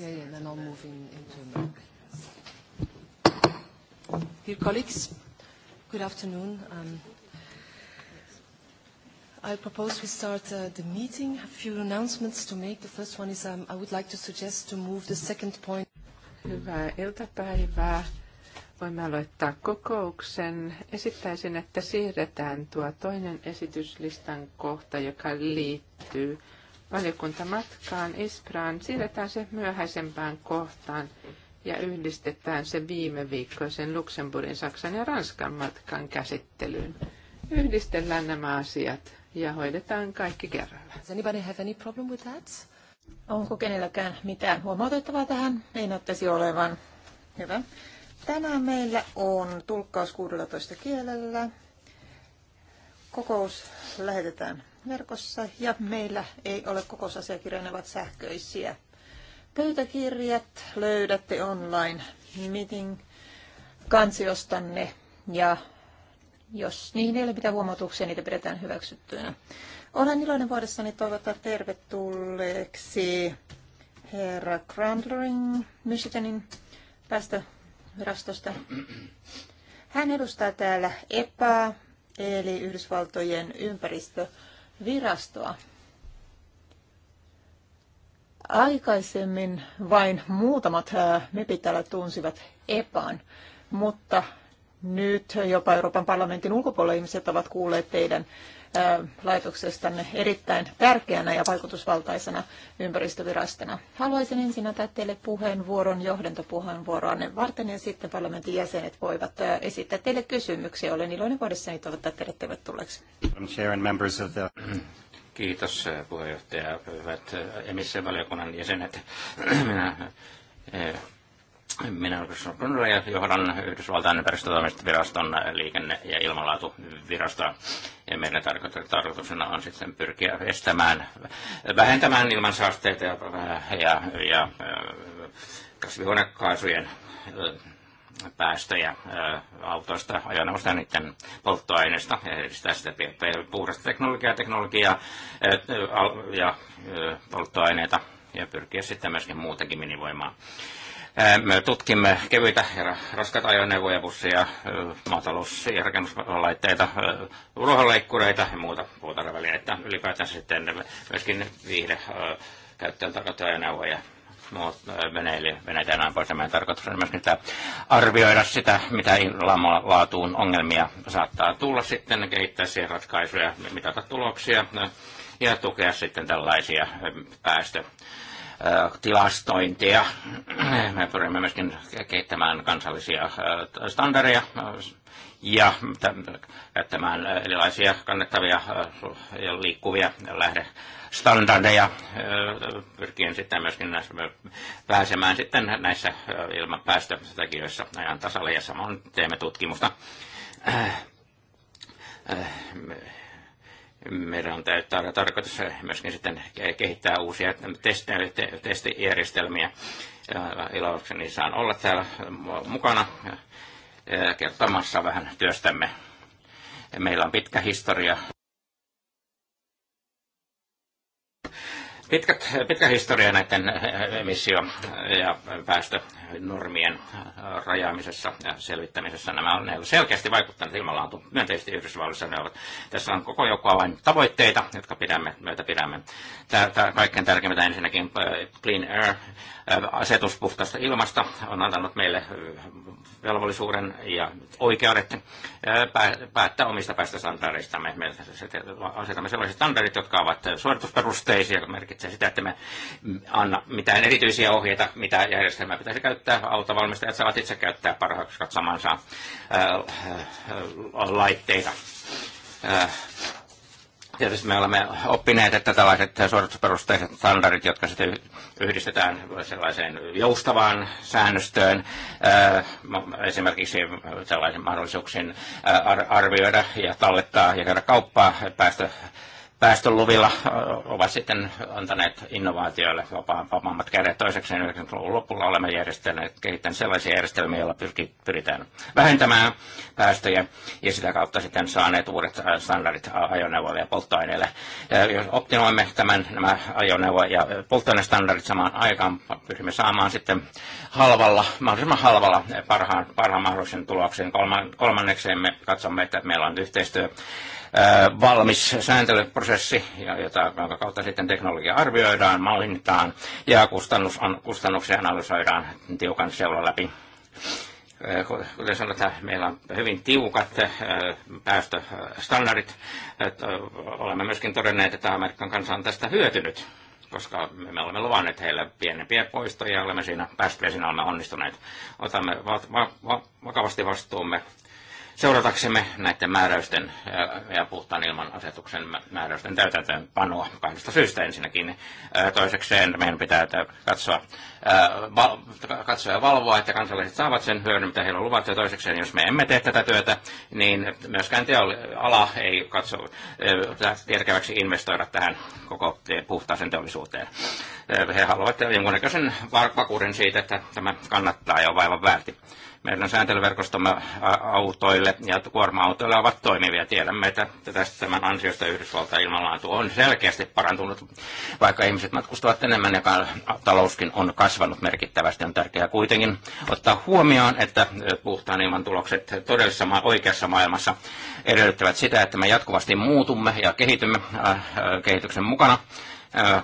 Yeah, yeah, then I'll move in, into America. Dear colleagues, good afternoon. Um, I propose we start uh, the meeting. A few announcements to make. The first one is um, I would like to suggest to move the second point. Hyvää iltapäivää. Voimme aloittaa kokouksen. Esittäisin, että siirretään tuo toinen esityslistan kohta, joka liittyy valiokuntamatkaan Ispraan, siirretään se myöhäisempään kohtaan ja yhdistetään se viime viikkoisen Luxemburgin, Saksan ja Ranskan matkan käsittelyyn. Yhdistellään nämä asiat ja hoidetaan kaikki kerralla. Does anybody have any problem with that? Onko kenelläkään mitään huomautettavaa tähän? Ei niin näyttäisi olevan. Hyvä. Tänään meillä on tulkkaus 16 kielellä kokous lähetetään verkossa ja meillä ei ole kokousasiakirjoja, ne ovat sähköisiä. Pöytäkirjat löydätte online meeting kansiostanne ja jos niihin ei ole mitään huomautuksia, niitä pidetään hyväksyttyinä. Olen iloinen vuodessani toivottaa tervetulleeksi herra Crandlering Michiganin päästövirastosta. Hän edustaa täällä EPA, eli Yhdysvaltojen ympäristövirastoa. Aikaisemmin vain muutamat mepit täällä tunsivat EPAan, mutta nyt jopa Euroopan parlamentin ulkopuolella ihmiset ovat kuulleet teidän laitoksestanne erittäin tärkeänä ja vaikutusvaltaisena ympäristövirastona. Haluaisin ensin antaa teille puheenvuoron, johdantopuheenvuoroanne varten ja sitten parlamentin jäsenet voivat esittää teille kysymyksiä. Olen iloinen voidessani toivottaa teille tervetulleeksi. Kiitos puheenjohtaja, hyvät emissiovaliokunnan jäsenet. Minä minä olen Christian Brunner ja johdan Yhdysvaltain ympäristötoimistoviraston liikenne- ja ilmanlaatuvirastoa. Ja meidän tarkoituksena on sitten pyrkiä estämään, vähentämään ilmansaasteita ja, ja, ja äh, kasvihuonekaasujen äh, päästöjä äh, autoista, ajoneuvoista ja niiden polttoaineista, edistää sitä puhdasta teknologiaa, teknologiaa ja polttoaineita ja pyrkiä sitten myöskin muutenkin minivoimaan me tutkimme kevyitä ja raskaita ajoneuvoja, busseja, maatalous- ja rakennuslaitteita, ruohonleikkureita ja muuta puutarvälineitä. Ylipäätään sitten myöskin viihde käyttöön tarkoittaa ajoneuvoja muut veneille, veneitä ja näin pois. Meidän tarkoitus on myöskin niitä arvioida sitä, mitä laatuun ongelmia saattaa tulla sitten, kehittää siihen ratkaisuja, mitata tuloksia ja tukea sitten tällaisia päästöjä tilastointia. Me pyrimme myöskin kehittämään kansallisia standardeja ja käyttämään erilaisia kannettavia ja liikkuvia lähdestandardeja, pyrkien sitten myöskin näissä, pääsemään sitten näissä ilmapäästötekijöissä ajan tasalle ja samoin teemme tutkimusta äh, äh, meidän on täyttää tarkoitus myöskin sitten kehittää uusia testijärjestelmiä. Ilokseni saan olla täällä mukana eh, kertomassa vähän työstämme. Meillä on pitkä historia pitkät, pitkä historia näiden eh, emissio- ja päästönormien eh, rajaamisessa ja selvittämisessä. Nämä on selkeästi vaikuttaneet ilmanlaatu myönteisesti Yhdysvalloissa. Ne ovat, tässä on koko joukko vain tavoitteita, jotka pidämme, myötä pidämme. Tää, tää, kaikkein tärkeintä ensinnäkin eh, Clean Air, asetus puhtaasta ilmasta, on antanut meille velvollisuuden ja oikeudet päättää omista päästöstandardeistamme. Me asetamme sellaiset standardit, jotka ovat suoritusperusteisia, merkitse sitä, että me anna mitään erityisiä ohjeita, mitä järjestelmää pitäisi käyttää. Autovalmistajat saavat itse käyttää parhaaksi katsomansa äh, äh, laitteita. Äh, tietysti me olemme oppineet, että tällaiset suoritusperusteiset standardit, jotka sitten yhdistetään sellaiseen joustavaan säännöstöön, esimerkiksi sellaisen mahdollisuuksiin arvioida ja tallettaa ja käydä kauppaa päästö päästöluvilla ovat sitten antaneet innovaatioille vapaammat kädet. Toiseksi 90-luvun lopulla olemme järjestäneet, kehittäneet sellaisia järjestelmiä, joilla pyritään vähentämään päästöjä ja sitä kautta sitten saaneet uudet standardit ajoneuvoille ja polttoaineille. Jos optimoimme tämän, nämä ajoneuvo- ja polttoainestandardit samaan aikaan, pyrimme saamaan sitten halvalla, mahdollisimman halvalla parhaan, parhaan mahdollisen tuloksen. Kolman, kolmannekseen me katsomme, että meillä on yhteistyö valmis sääntelyprosessi, jota, jonka kautta sitten teknologia arvioidaan, mallinnetaan ja kustannus, kustannuksia analysoidaan tiukan seulan läpi kuten sanotaan, meillä on hyvin tiukat päästöstandardit. Olemme myöskin todenneet, että Amerikan kansa on tästä hyötynyt, koska me olemme luvanneet heille pienempiä poistoja ja olemme siinä päästöjä siinä olemme onnistuneet. Otamme vakavasti vastuumme seurataksemme näiden määräysten ja puhtaan ilman asetuksen määräysten täytäntöönpanoa kahdesta syystä ensinnäkin. Toisekseen meidän pitää katsoa, katsoa ja valvoa, että kansalaiset saavat sen hyödyn, mitä heillä on luvattu. Ja toisekseen, jos me emme tee tätä työtä, niin myöskään ala ei katso järkeväksi investoida tähän koko puhtaaseen teollisuuteen. He haluavat jonkunnäköisen vakuuden siitä, että tämä kannattaa ja on vaivan väärti meidän sääntelyverkostomme autoille ja kuorma-autoille ovat toimivia. Tiedämme, että tästä tämän ansiosta Yhdysvaltain ilmanlaatu on selkeästi parantunut, vaikka ihmiset matkustavat enemmän ja talouskin on kasvanut merkittävästi. On tärkeää kuitenkin ottaa huomioon, että puhtaan ilman tulokset todellisessa ma- oikeassa maailmassa edellyttävät sitä, että me jatkuvasti muutumme ja kehitymme kehityksen mukana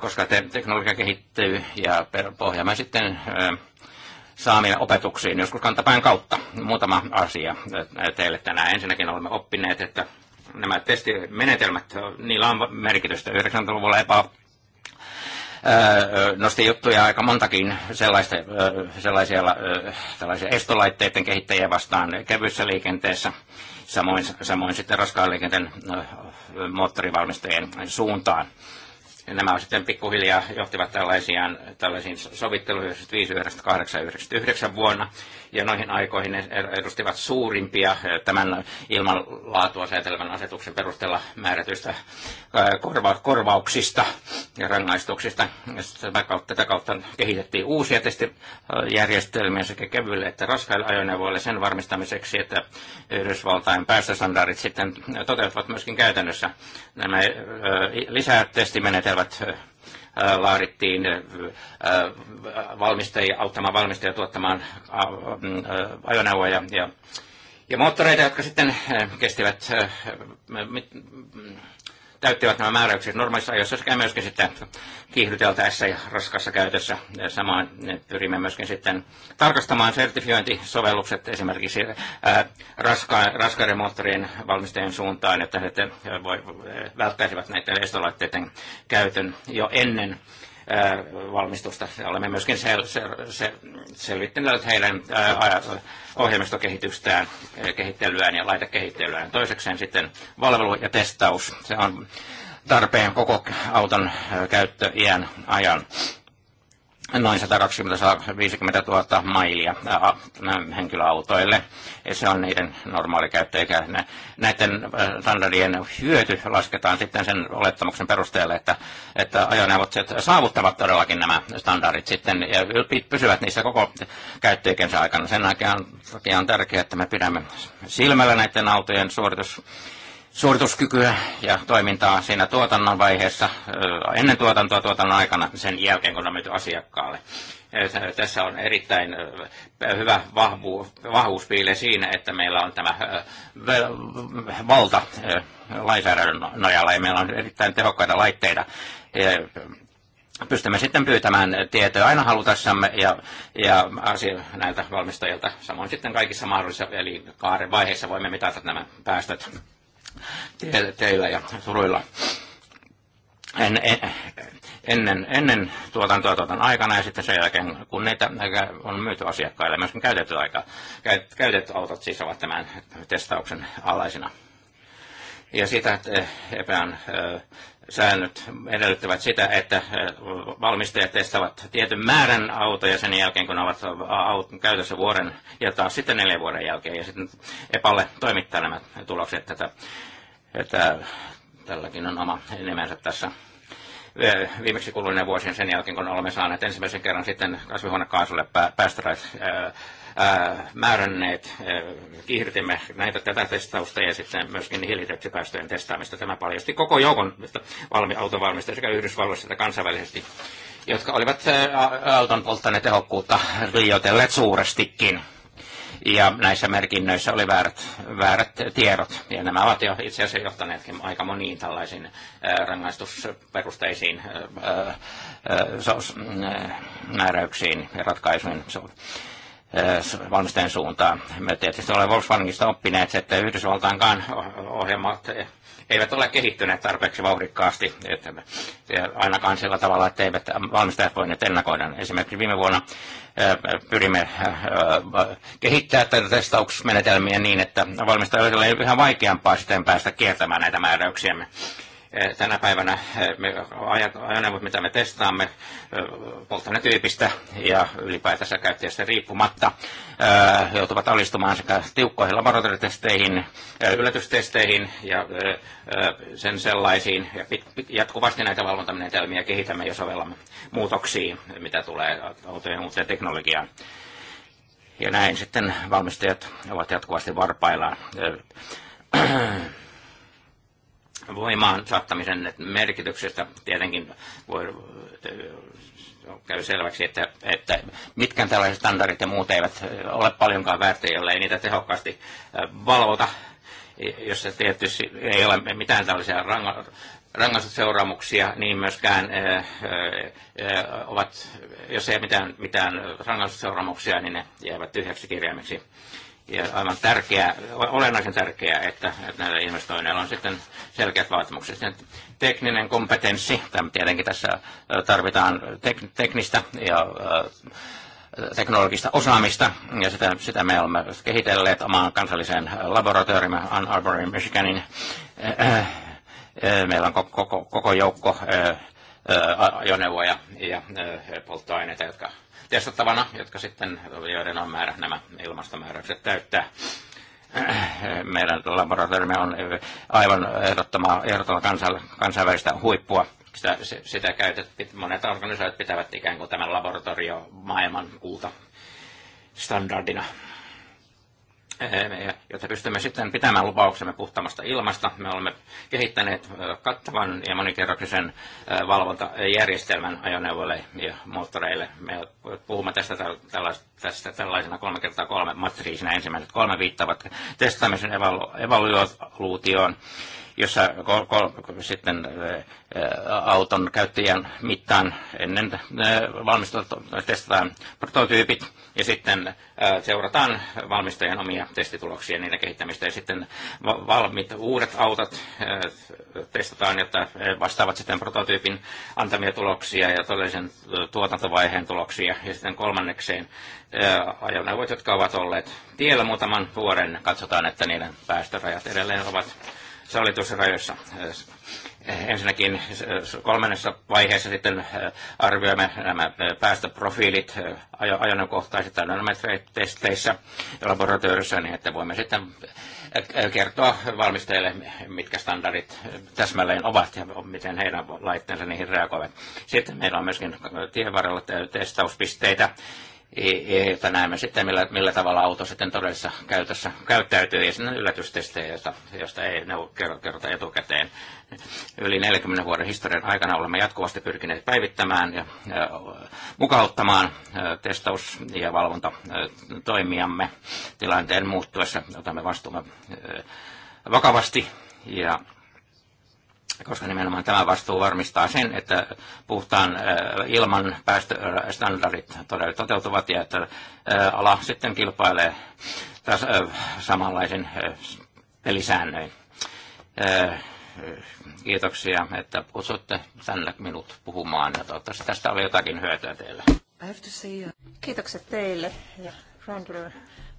koska te- teknologia kehittyy ja pohjaamme sitten saamiin opetuksiin, joskus kantapään kautta. Muutama asia teille tänään. Ensinnäkin olemme oppineet, että nämä testimenetelmät, niillä on merkitystä. 90-luvulla epä nosti juttuja aika montakin sellaista, sellaisia, sellaisia estolaitteiden kehittäjiä vastaan kevyessä liikenteessä, samoin, samoin sitten raskaan liikenteen moottorivalmistajien suuntaan nämä sitten pikkuhiljaa johtivat tällaisiin, tällaisiin sovitteluihin 95, vuonna, ja noihin aikoihin ne edustivat suurimpia eh, tämän ilmanlaatua säätelevän asetuksen perusteella määrätyistä eh, korva- korvauksista ja rangaistuksista. Ja tätä kautta kehitettiin uusia testijärjestelmiä sekä kevyille että raskaille ajoneuvoille sen varmistamiseksi, että Yhdysvaltain päästöstandardit sitten toteutuvat myöskin käytännössä. Nämä eh, lisää testimenetelmät ohjeet laadittiin valmistajia, auttamaan valmistajia tuottamaan ajoneuvoja ja, ja moottoreita, jotka sitten kestivät täyttivät nämä määräykset normaalissa ajoissa sekä myöskin sitten kiihdyteltäessä ja raskassa käytössä. Samaan pyrimme myöskin sitten tarkastamaan sertifiointisovellukset esimerkiksi raska, raskaiden moottorien valmistajien suuntaan, että he voi, välttäisivät näiden estolaitteiden käytön jo ennen valmistusta. Olemme myöskin sel, sel, sel, selvittäneet heidän ohjelmistokehitystään, kehittelyään ja laitekehittelyään. Toisekseen sitten valvelu ja testaus. Se on tarpeen koko auton käyttöiän ajan noin 150 000 mailia henkilöautoille. Se on niiden normaali käyttö, eikä näiden standardien hyöty lasketaan sitten sen olettamuksen perusteella, että, että ajoneuvot saavuttavat todellakin nämä standardit sitten ja pysyvät niissä koko käyttöikänsä aikana. Sen takia on tärkeää, että me pidämme silmällä näiden autojen suoritus suorituskykyä ja toimintaa siinä tuotannon vaiheessa, ennen tuotantoa, tuotannon aikana, sen jälkeen kun on myyty asiakkaalle. Tässä on erittäin hyvä vahvuus, siinä, että meillä on tämä valta lainsäädännön no-, nojalla ja meillä on erittäin tehokkaita laitteita pystymme sitten pyytämään tietoja aina halutessamme ja, ja asia näiltä valmistajilta. Samoin sitten kaikissa mahdollisissa eli kaaren vaiheissa voimme mitata nämä päästöt teillä ja suruilla. En, en, ennen, ennen tuotantoa tuotan aikana ja sitten sen jälkeen, kun niitä on myyty asiakkaille, myöskin käytetty, aika, käytetty autot siis ovat tämän testauksen alaisina. Ja siitä epään säännöt edellyttävät sitä, että valmistajat testaavat tietyn määrän autoja sen jälkeen, kun ne ovat käytössä vuoden ja taas sitten neljän vuoden jälkeen. Ja sitten EPAlle toimittaa nämä tulokset. että, että tälläkin on oma nimensä tässä viimeksi kuluneen vuosien sen jälkeen, kun olemme saaneet ensimmäisen kerran sitten kasvihuonekaasulle päästörajat Äh, määränneet, äh, kiihdytimme näitä tätä testausta ja sitten myöskin hiilidioksidipäästöjen testaamista. Tämä paljasti koko joukon valmi, autovalmistajia sekä Yhdysvalloissa että kansainvälisesti, jotka olivat äh, polttaneet tehokkuutta liioitelleet suurestikin ja näissä merkinnöissä oli väärät, väärät tiedot. Ja nämä ovat jo itse asiassa johtaneetkin aika moniin tällaisiin rangaistusperusteisiin määräyksiin ja ratkaisuihin. Äh, valmistajan suuntaan. Me tietysti olemme Volkswagenista oppineet, että Yhdysvaltaankaan ohjelmat eivät ole kehittyneet tarpeeksi vauhdikkaasti, että ainakaan sillä tavalla, että eivät valmistajat voineet ennakoida. Esimerkiksi viime vuonna äh, pyrimme äh, kehittämään tätä testausmenetelmiä niin, että valmistajille oli yhä vaikeampaa sitten päästä kiertämään näitä määräyksiämme. Eh, tänä päivänä eh, me ajoneuvot, mitä me testaamme eh, polttoainetyypistä ja ylipäätänsä käyttäjästä riippumatta, joutuvat alistumaan sekä tiukkoihin laboratoritesteihin, yllätystesteihin ja sen sellaisiin. Ja jatkuvasti näitä valvontamenetelmiä kehitämme ja sovellamme muutoksiin, mitä tulee autojen uuteen teknologiaan. Ja näin sitten valmistajat ovat jatkuvasti varpaillaan voimaan saattamisen merkityksestä tietenkin voi, äh, käy selväksi, että, että mitkään tällaiset standardit ja muut eivät äh, ole paljonkaan väärtejä, ei niitä tehokkaasti äh, valvota, jos tietysti ei ole mitään tällaisia ranga, rangaistusseuraamuksia, niin myöskään ää, ää, ovat, jos ei mitään, mitään rangaistusseuraamuksia, niin ne jäävät tyhjäksi kirjaimeksi ja aivan tärkeää, olennaisen tärkeää, että, että näillä investoinneilla on sitten selkeät vaatimukset. Sitten tekninen kompetenssi, tämä tietenkin tässä tarvitaan tek, teknistä ja teknologista osaamista, ja sitä, sitä me olemme kehitelleet omaan kansalliseen laboratoriomme Ann Arborin Michiganin. Meillä on koko, koko, koko joukko ajoneuvoja ja polttoaineita, jotka testattavana, jotka sitten, joiden on määrä nämä ilmastomääräykset täyttää. Meidän laboratoriomme on aivan ehdottomaa kansa, kansainvälistä huippua. Sitä, sitä käytet, monet organisaatiot pitävät ikään kuin tämän laboratorio maailman kulta standardina jotta pystymme sitten pitämään lupauksemme puhtaamasta ilmasta. Me olemme kehittäneet kattavan ja monikerroksisen valvontajärjestelmän ajoneuvoille ja moottoreille. Me puhumme tästä, tästä tällaisena 3 kertaa 3 matriisina. Ensimmäiset kolme viittavat testaamisen evaluaatioon. Evalu- jossa kol, kol, sitten auton käyttäjän mittaan ennen valmistusta testataan prototyypit ja sitten seurataan valmistajan omia testituloksia niiden kehittämistä ja sitten valmiit uudet autot testataan, jotta vastaavat sitten prototyypin antamia tuloksia ja todellisen tuotantovaiheen tuloksia ja sitten kolmannekseen ajoneuvot, jotka ovat olleet tiellä muutaman vuoden, katsotaan, että niiden päästörajat edelleen ovat sallituissa rajoissa. Eh, ensinnäkin kolmannessa vaiheessa sitten eh, arvioimme nämä eh, päästöprofiilit ajoneukohtaisissa ja laboratoriossa, niin että voimme sitten kertoa valmistajille, mitkä standardit täsmälleen ovat ja miten heidän laitteensa niihin reagoivat. Sitten meillä on myöskin tien varrella testauspisteitä, että näemme sitten, millä, millä tavalla auto sitten todellisessa käytössä käyttäytyy, ja sinne yllätystestejä, josta, josta ei ne kerrota etukäteen. Yli 40 vuoden historian aikana olemme jatkuvasti pyrkineet päivittämään ja, ja mukauttamaan testaus- ja valvontatoimijamme tilanteen muuttuessa. Otamme vastuumme vakavasti ja koska nimenomaan tämä vastuu varmistaa sen, että puhtaan äh, ilman päästöstandardit todella toteutuvat ja että äh, ala sitten kilpailee taas äh, samanlaisen pelisäännöin. Kiitoksia, että kutsutte tänne minut puhumaan ja toivottavasti tästä oli jotakin hyötyä teille. Uh, kiitokset teille ja Randler.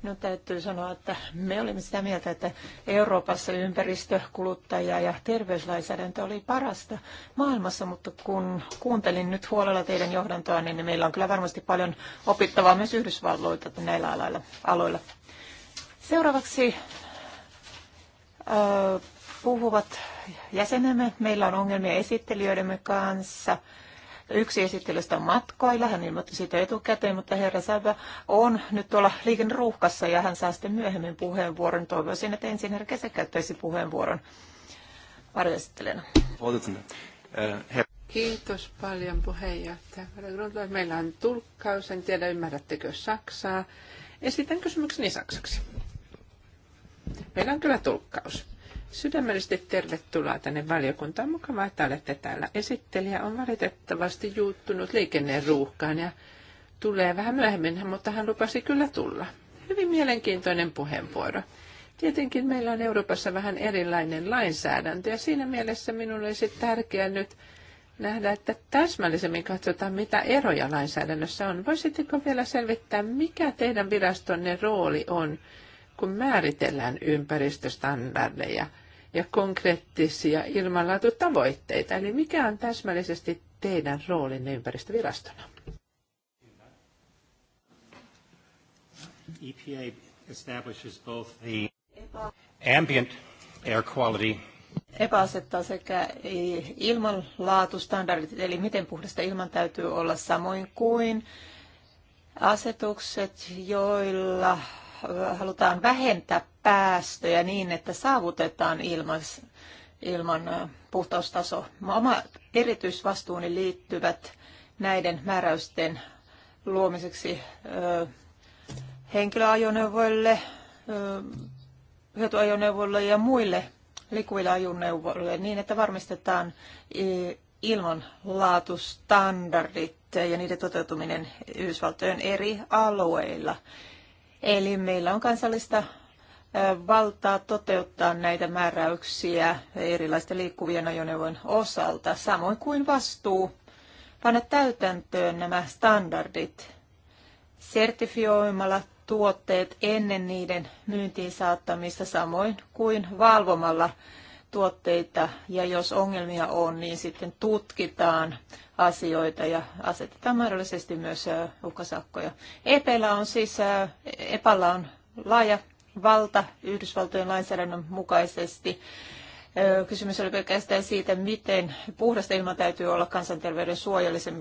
Nyt täytyy sanoa, että me olimme sitä mieltä, että Euroopassa ympäristö, kuluttaja ja terveyslainsäädäntö oli parasta maailmassa, mutta kun kuuntelin nyt huolella teidän johdantoa, niin meillä on kyllä varmasti paljon opittavaa myös Yhdysvalloilta näillä aloilla. aloilla. Seuraavaksi puhuvat jäsenemme. Meillä on ongelmia esittelijöidemme kanssa. Yksi esittelystä on matkoilla, hän ilmoitti siitä etukäteen, mutta herra Säbä on nyt tuolla liikenneruuhkassa ja hän saa sitten myöhemmin puheenvuoron. Toivoisin, että ensin herra Kesä käyttäisi puheenvuoron varjoesittelijänä. Kiitos paljon puheenjohtaja. Meillä on tulkkaus, en tiedä ymmärrättekö Saksaa. Esitän kysymykseni Saksaksi. Meillä on kyllä tulkkaus. Sydämellisesti tervetuloa tänne valiokuntaan. Mukavaa, että olette täällä. Esittelijä on valitettavasti juuttunut liikenneruuhkaan ja tulee vähän myöhemmin, mutta hän lupasi kyllä tulla. Hyvin mielenkiintoinen puheenvuoro. Tietenkin meillä on Euroopassa vähän erilainen lainsäädäntö ja siinä mielessä minulle olisi tärkeää nyt nähdä, että täsmällisemmin katsotaan, mitä eroja lainsäädännössä on. Voisitteko vielä selvittää, mikä teidän virastonne rooli on, kun määritellään ympäristöstandardeja – ja konkreettisia ilmanlaatutavoitteita. Eli mikä on täsmällisesti teidän roolinne ympäristövirastona? EPA establishes both the ambient air quality EPA asettaa sekä ilmanlaatustandardit, eli miten puhdasta ilman täytyy olla, samoin kuin asetukset, joilla halutaan vähentää päästöjä niin, että saavutetaan ilman, ilman puhtaustaso. Oma erityisvastuuni liittyvät näiden määräysten luomiseksi ö, henkilöajoneuvoille, ö, hyötyajoneuvoille ja muille liikuville ajoneuvoille niin, että varmistetaan e, ilmanlaatustandardit ja niiden toteutuminen Yhdysvaltojen eri alueilla. Eli meillä on kansallista valtaa toteuttaa näitä määräyksiä erilaisten liikkuvien ajoneuvojen osalta, samoin kuin vastuu panna täytäntöön nämä standardit sertifioimalla tuotteet ennen niiden myyntiin saattamista, samoin kuin valvomalla tuotteita ja jos ongelmia on, niin sitten tutkitaan asioita ja asetetaan mahdollisesti myös uhkasakkoja. EPllä on siis, EPAlla on laaja valta Yhdysvaltojen lainsäädännön mukaisesti. Kysymys oli pelkästään siitä, miten puhdasta ilma täytyy olla kansanterveyden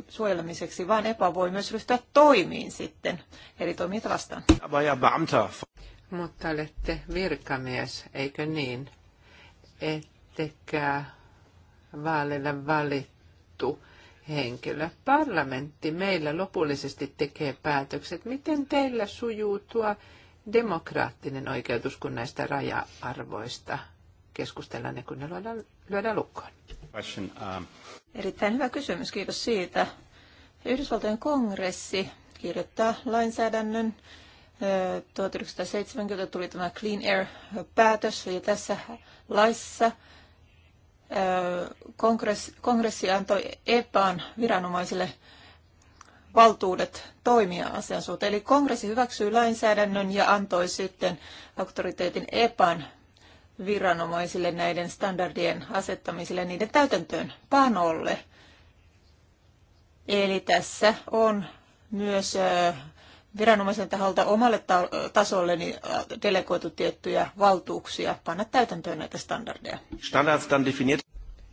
suojelemiseksi, vaan EPA voi myös ryhtyä toimiin sitten eri toimijoita vastaan. Mutta olette virkamies, eikö niin? Ettekä vaaleilla valittu henkilö. Parlamentti meillä lopullisesti tekee päätökset. Miten teillä sujuu tuo demokraattinen oikeutus, kun näistä raja-arvoista keskustellaan ja kun ne lyödään, lyödään lukkoon? Um, Erittäin hyvä kysymys, kiitos siitä. Yhdysvaltojen kongressi kirjoittaa lainsäädännön 1970 tuli tämä Clean Air-päätös, ja tässä laissa kongressi, kongressi antoi EPAan viranomaisille valtuudet toimia asian suhteen. Eli kongressi hyväksyi lainsäädännön ja antoi sitten auktoriteetin EPAN viranomaisille näiden standardien asettamiselle niiden täytäntöön panolle. Eli tässä on myös viranomaisen taholta omalle tasolle niin delegoitu tiettyjä valtuuksia panna täytäntöön näitä standardeja. Standards on definiert.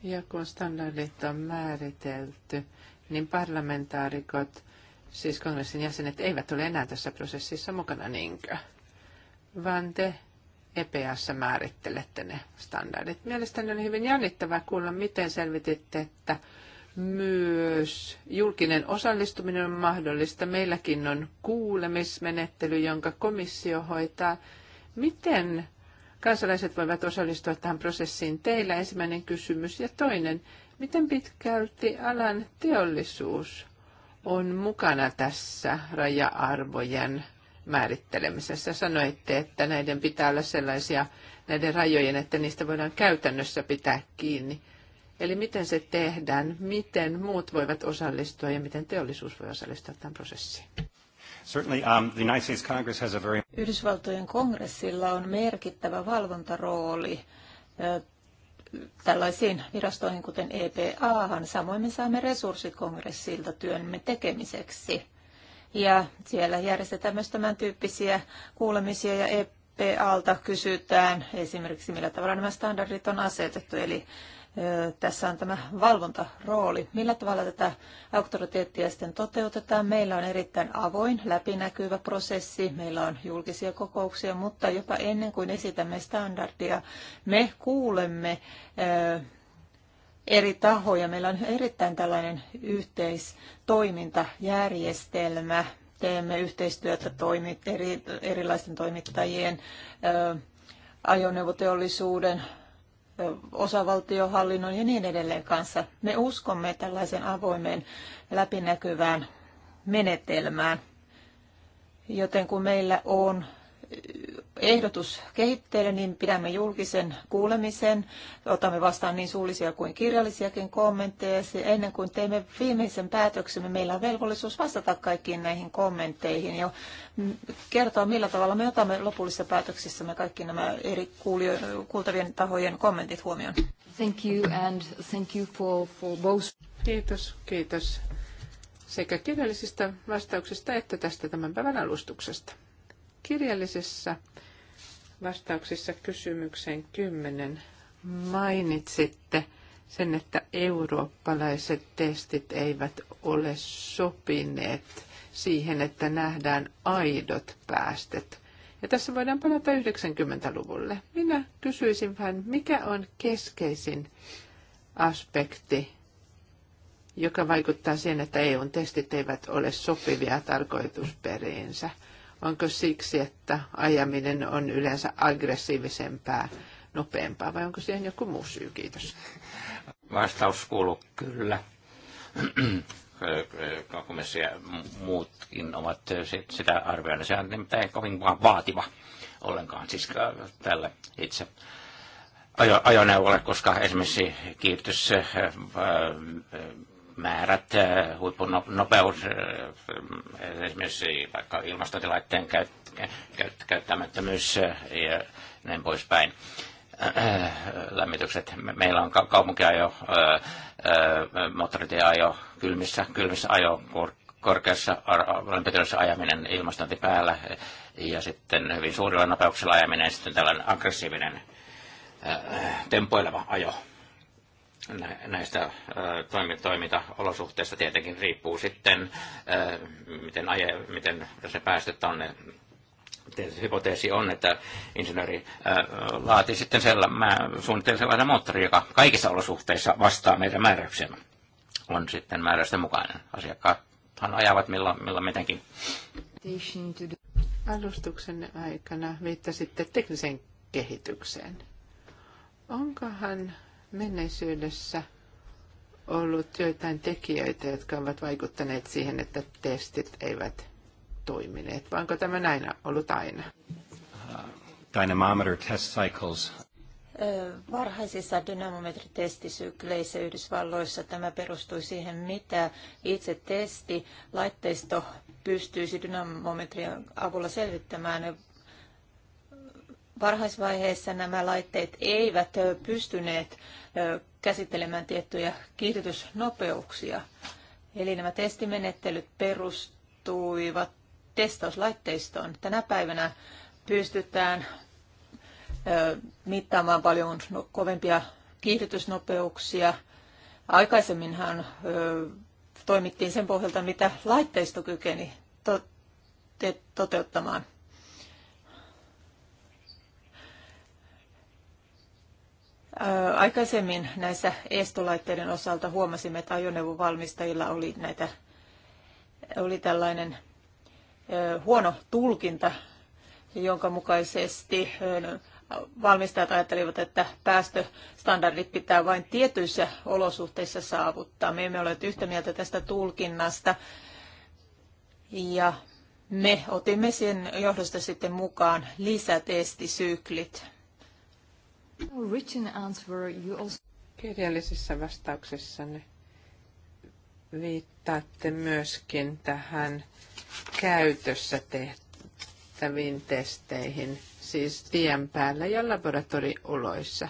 Ja kun standardit on määritelty, niin parlamentaarikot siis kongressin jäsenet, eivät ole enää tässä prosessissa mukana niinkö, vaan te EPS määrittelette ne standardit. Mielestäni oli hyvin jännittävää kuulla, miten selvititte, että myös julkinen osallistuminen on mahdollista. Meilläkin on kuulemismenettely, jonka komissio hoitaa. Miten kansalaiset voivat osallistua tähän prosessiin? Teillä ensimmäinen kysymys. Ja toinen, miten pitkälti alan teollisuus on mukana tässä raja-arvojen määrittelemisessä. Sanoitte, että näiden pitää olla sellaisia näiden rajojen, että niistä voidaan käytännössä pitää kiinni. Eli miten se tehdään, miten muut voivat osallistua ja miten teollisuus voi osallistua tämän prosessiin? Um, Yhdysvaltojen kongressilla on merkittävä valvontarooli tällaisiin virastoihin, kuten EPAhan. Samoin me saamme resurssit kongressilta työmme tekemiseksi. Ja siellä järjestetään myös tämän tyyppisiä kuulemisia ja EPAlta kysytään esimerkiksi, millä tavalla nämä standardit on asetettu. Eli tässä on tämä valvontarooli. Millä tavalla tätä auktoriteettia sitten toteutetaan? Meillä on erittäin avoin, läpinäkyvä prosessi. Meillä on julkisia kokouksia, mutta jopa ennen kuin esitämme standardia, me kuulemme eri tahoja. Meillä on erittäin tällainen yhteistoimintajärjestelmä. Teemme yhteistyötä toimit, eri, erilaisten toimittajien, ajoneuvoteollisuuden, osavaltiohallinnon ja niin edelleen kanssa. Me uskomme tällaisen avoimeen läpinäkyvään menetelmään, joten kun meillä on ehdotus kehitteille, niin pidämme julkisen kuulemisen. Otamme vastaan niin suullisia kuin kirjallisiakin kommentteja. Ennen kuin teemme viimeisen päätöksemme, meillä on velvollisuus vastata kaikkiin näihin kommentteihin ja kertoa, millä tavalla me otamme lopullisissa päätöksissämme kaikki nämä eri kuulio- kuultavien tahojen kommentit huomioon. Thank you and thank you for, for both. Kiitos, kiitos sekä kirjallisista vastauksista että tästä tämän päivän alustuksesta. Kirjallisessa vastauksissa kysymykseen 10 mainitsitte sen, että eurooppalaiset testit eivät ole sopineet siihen, että nähdään aidot päästöt. Ja tässä voidaan palata 90-luvulle. Minä kysyisin vähän, mikä on keskeisin aspekti, joka vaikuttaa siihen, että EUn testit eivät ole sopivia tarkoitusperiinsä. Onko siksi, että ajaminen on yleensä aggressiivisempää, nopeampaa vai onko siihen joku muu syy? Kiitos. Vastaus kuuluu kyllä. Kaupungeissa ja muutkin ovat sitä arvioineet. Se on nimittäin kovin vaativa ollenkaan siis tällä itse ajoneuvolle, koska esimerkiksi kiihdytys äh, määrät, äh, huippunopeus, äh, esimerkiksi vaikka ilmastotilaitteen käyt, käyt, käyttämättömyys äh, ja näin poispäin lämmitykset. Meillä on kaupunkiajo, moottoritieajo, kylmissä, kylmissä ajo, korkeassa lämpötilassa ajaminen ilmastointi päällä ja sitten hyvin suurilla nopeuksilla ajaminen, sitten tällainen aggressiivinen tempoileva ajo näistä toimintaolosuhteista tietenkin riippuu sitten, miten, aje, miten se päästöt on. Tietysti hypoteesi on, että insinööri laatii sitten sella, mä suunnittelen sellaisen moottorin, joka kaikissa olosuhteissa vastaa meidän määräyksiämme. On sitten määräysten mukainen. Asiakkaathan ajavat milloin, milloin mitenkin. Alustuksen aikana viittasitte tekniseen kehitykseen. Onkohan menneisyydessä ollut joitain tekijöitä, jotka ovat vaikuttaneet siihen, että testit eivät toimineet. Vai onko tämä näin ollut aina? Dynamometer test cycles. Varhaisissa dynamometritestisykleissä Yhdysvalloissa tämä perustui siihen, mitä itse testi laitteisto pystyisi dynamometrian avulla selvittämään varhaisvaiheessa nämä laitteet eivät pystyneet käsittelemään tiettyjä kiihdytysnopeuksia. Eli nämä testimenettelyt perustuivat testauslaitteistoon. Tänä päivänä pystytään mittaamaan paljon no, kovempia kiihdytysnopeuksia. Aikaisemminhan toimittiin sen pohjalta, mitä laitteisto kykeni toteuttamaan. Aikaisemmin näissä estolaitteiden osalta huomasimme, että ajoneuvovalmistajilla oli, näitä, oli tällainen huono tulkinta, jonka mukaisesti valmistajat ajattelivat, että päästöstandardit pitää vain tietyissä olosuhteissa saavuttaa. Me emme ole yhtä mieltä tästä tulkinnasta. Ja me otimme sen johdosta sitten mukaan lisätestisyklit. Kirjallisessa vastauksessanne viittaatte myöskin tähän käytössä tehtäviin testeihin, siis tien päällä ja laboratorioloissa.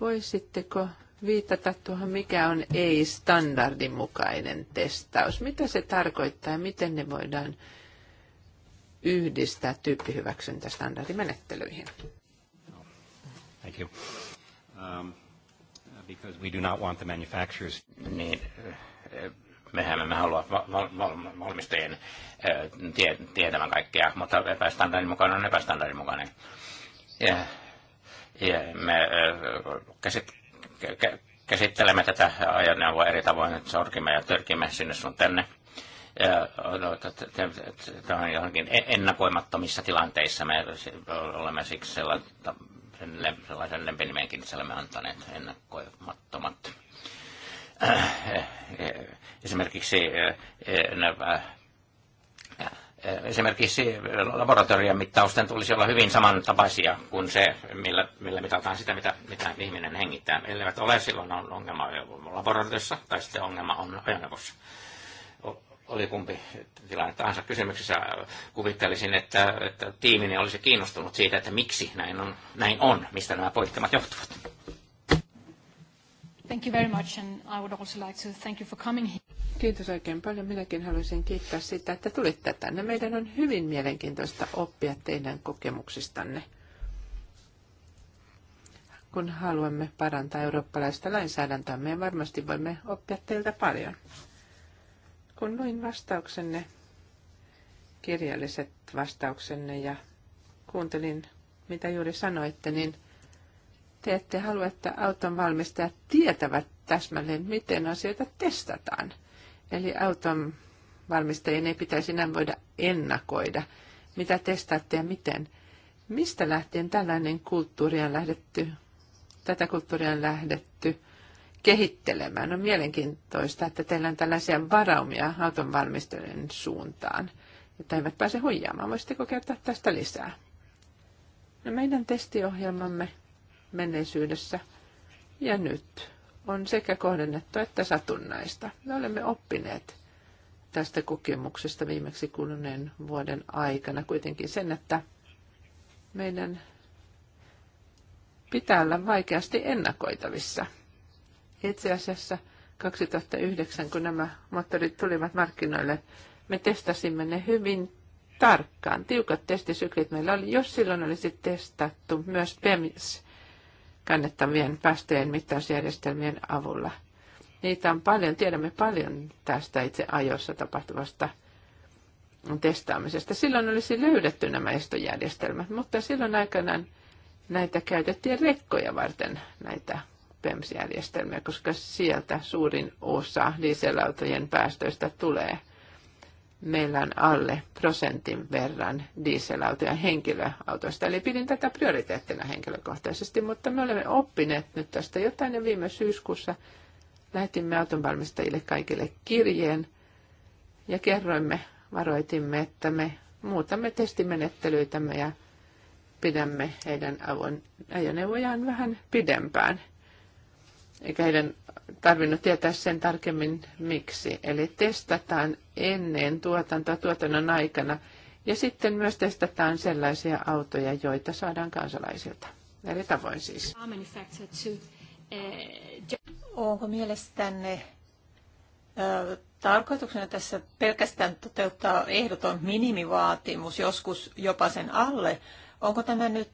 Voisitteko viitata tuohon, mikä on ei-standardimukainen testaus? Mitä se tarkoittaa ja miten ne voidaan yhdistää tyyppihyväksyntästandardimenettelyihin? Thank you. Um, because we do not want the manufacturers... Niin, eh, mehän emme halua valmistajien eh, tie, tietävän kaikkea, mutta epästandardin mukaan on epästandardin mukainen. Ja, ja me eh, käsit, käsittelemme tätä ajoneuvoa eri tavoin, että sorkimme ja törkimme sinne sun tänne. No, tämä on johonkin e- ennakoimattomissa tilanteissa. Me olemme siksi sellaista sen lem, sellaisen lempinimenkin olemme antaneet ennakkoimattomat. Äh, esimerkiksi äh, äh, esimerkiksi laboratorion mittausten tulisi olla hyvin samantapaisia kuin se, millä, millä mitataan sitä, mitä, mitä ihminen hengittää. Elleivät ole, silloin on ongelma laboratoriossa tai sitten ongelma on ajoneuvossa oli kumpi tilanne tahansa kysymyksessä, kuvittelisin, että, että tiimini olisi kiinnostunut siitä, että miksi näin on, näin on mistä nämä poikkeamat johtuvat. Thank you very much, and I would also like to thank you for coming here. Kiitos oikein paljon. Minäkin haluaisin kiittää sitä, että tulitte tänne. Meidän on hyvin mielenkiintoista oppia teidän kokemuksistanne, kun haluamme parantaa eurooppalaista lainsäädäntöä. Me varmasti voimme oppia teiltä paljon. Kun luin vastauksenne, kirjalliset vastauksenne ja kuuntelin, mitä juuri sanoitte, niin te ette halua, että auton valmistajat tietävät täsmälleen, miten asioita testataan. Eli auton valmistajien ei pitäisi enää voida ennakoida, mitä testaatte ja miten. Mistä lähtien tällainen kulttuuri on lähdetty, tätä kulttuuria on lähdetty kehittelemään. On mielenkiintoista, että teillä on tällaisia varaumia auton valmistajien suuntaan, että eivät pääse huijaamaan. Voisitteko kertoa tästä lisää? No meidän testiohjelmamme menneisyydessä ja nyt on sekä kohdennettu että satunnaista. Me olemme oppineet tästä kokemuksesta viimeksi kuluneen vuoden aikana kuitenkin sen, että meidän pitää olla vaikeasti ennakoitavissa – itse asiassa 2009, kun nämä moottorit tulivat markkinoille, me testasimme ne hyvin tarkkaan. Tiukat testisyklit meillä oli. Jos silloin olisi testattu myös PEMS kannettavien päästöjen mittausjärjestelmien avulla, niitä on paljon. Tiedämme paljon tästä itse ajossa tapahtuvasta testaamisesta. Silloin olisi löydetty nämä estojärjestelmät, mutta silloin aikanaan näitä käytettiin rekkoja varten, näitä PEMS-järjestelmiä, koska sieltä suurin osa dieselautojen päästöistä tulee. Meillä on alle prosentin verran dieselautoja henkilöautoista, eli pidin tätä prioriteettina henkilökohtaisesti, mutta me olemme oppineet nyt tästä jotain ja viime syyskuussa lähetimme autonvalmistajille kaikille kirjeen ja kerroimme, varoitimme, että me muutamme testimenettelyitämme ja pidämme heidän avon ajoneuvojaan vähän pidempään eikä heidän tarvinnut tietää sen tarkemmin miksi. Eli testataan ennen tuotantoa tuotannon aikana ja sitten myös testataan sellaisia autoja, joita saadaan kansalaisilta. Eri tavoin siis. Onko mielestänne tarkoituksena tässä pelkästään toteuttaa ehdoton minimivaatimus, joskus jopa sen alle? Onko tämä nyt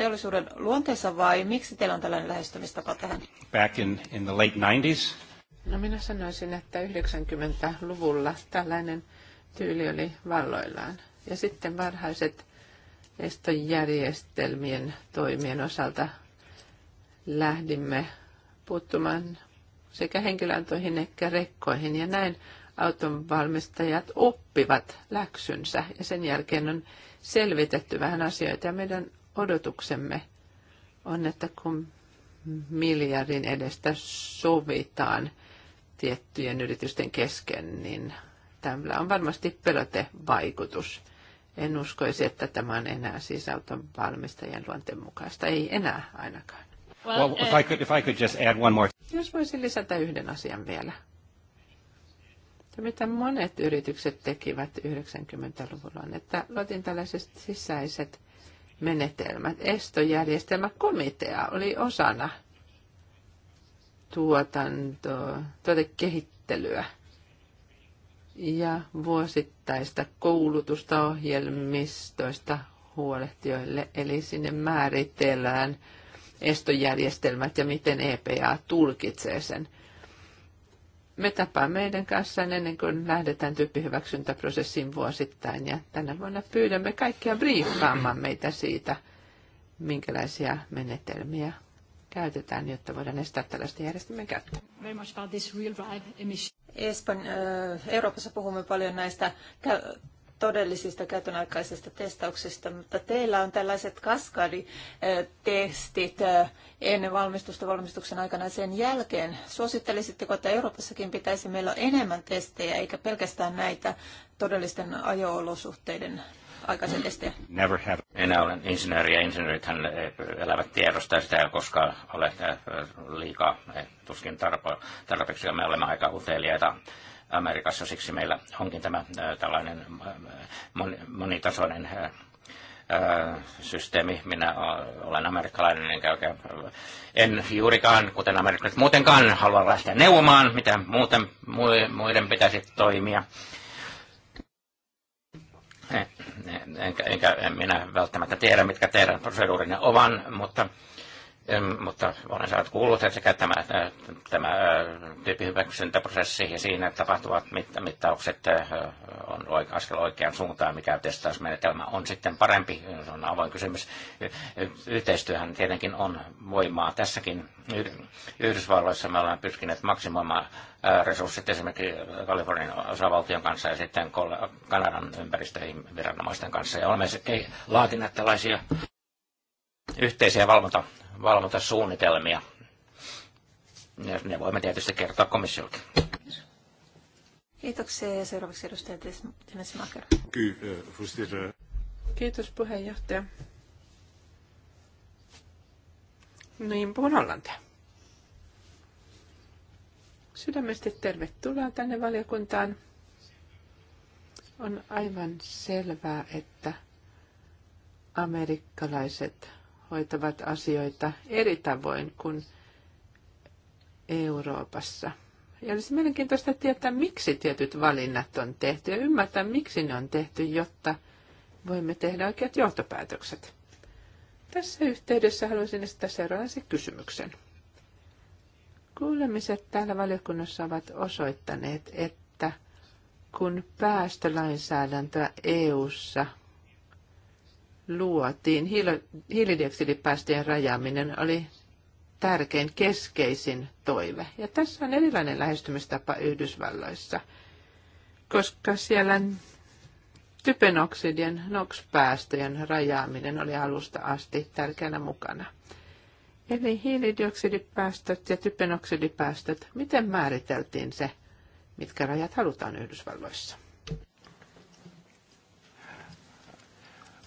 teollisuuden luonteessa vai miksi teillä on tällainen lähestymistapa tähän? Back in, in the late 90s. No minä sanoisin, että 90-luvulla tällainen tyyli oli valloillaan. Ja sitten varhaiset estojärjestelmien toimien osalta lähdimme puuttumaan sekä henkilöautoihin että rekkoihin. Ja näin auton valmistajat oppivat läksynsä ja sen jälkeen on selvitetty vähän asioita. Ja meidän Odotuksemme on, että kun miljardin edestä sovitaan tiettyjen yritysten kesken, niin tällä on varmasti pelotevaikutus. En uskoisi, että tämä on enää sisältön valmistajien luonteen mukaista. Ei enää ainakaan. Eh, Jos voisin lisätä yhden asian vielä. Se, mitä monet yritykset tekivät 90-luvulla, on, että luotiin tällaiset sisäiset menetelmät. Estojärjestelmäkomitea oli osana tuotantoa, tuotekehittelyä ja vuosittaista koulutusta ohjelmistoista huolehtijoille. Eli sinne määritellään estojärjestelmät ja miten EPA tulkitsee sen. Me tapaamme meidän kanssaan ennen kuin lähdetään tyyppihyväksyntäprosessiin vuosittain ja tänä vuonna pyydämme kaikkia briefaamaan meitä siitä, minkälaisia menetelmiä käytetään, jotta voidaan estää tällaista järjestelmän käyttöä. Espan, Euroopassa puhumme paljon näistä todellisista käytönaikaisista testauksista, mutta teillä on tällaiset kaskaditestit eh, ennen valmistusta, valmistuksen aikana ja sen jälkeen. Suosittelisitteko, että Euroopassakin pitäisi meillä enemmän testejä, eikä pelkästään näitä todellisten ajo-olosuhteiden aikaisen testejä? Never have. Minä olen insinööri ja insinöörithän eh, elävät tiedosta ja sitä ei koskaan ole eh, liikaa tuskin tarpeeksi. Me olemme aika uteliaita Amerikassa. Siksi meillä onkin tämä tällainen monitasoinen systeemi. Minä olen amerikkalainen, enkä oikein, en juurikaan, kuten amerikkalaiset muutenkaan, halua lähteä neuvomaan, mitä muuten, muiden pitäisi toimia. Enkä, enkä minä välttämättä tiedä, mitkä teidän proseduurinne ovat, mutta mutta olen saanut kuullut, että sekä tämä, tämä tyyppihyväksyntäprosessi ja siinä tapahtuvat mittaukset on askel oikeaan suuntaan, mikä testausmenetelmä on sitten parempi, se on avoin kysymys. Yhteistyöhän tietenkin on voimaa tässäkin. Yhdysvalloissa me ollaan pyrkineet maksimoimaan resurssit esimerkiksi Kalifornian osavaltion kanssa ja sitten Kanadan ympäristöviranomaisten kanssa. Ja olemme laatineet tällaisia yhteisiä valvonta, valvontasuunnitelmia. Ne, ne voimme tietysti kertoa komissiolle. Kiitoksia ja seuraavaksi edustaja Demesmaker. Kiitos puheenjohtaja. Niin, puhun hollantia. Sydämesti tervetuloa tänne valiokuntaan. On aivan selvää, että amerikkalaiset hoitavat asioita eri tavoin kuin Euroopassa. Ja olisi mielenkiintoista tietää, miksi tietyt valinnat on tehty ja ymmärtää, miksi ne on tehty, jotta voimme tehdä oikeat johtopäätökset. Tässä yhteydessä haluaisin esittää seuraavan kysymyksen. Kuulemiset täällä valiokunnassa ovat osoittaneet, että kun päästölainsäädäntöä EU:ssa luotiin, hiilidioksidipäästöjen rajaaminen oli tärkein keskeisin toive. Ja tässä on erilainen lähestymistapa Yhdysvalloissa, koska siellä typenoksidien NOx-päästöjen rajaaminen oli alusta asti tärkeänä mukana. Eli hiilidioksidipäästöt ja typenoksidipäästöt, miten määriteltiin se, mitkä rajat halutaan Yhdysvalloissa?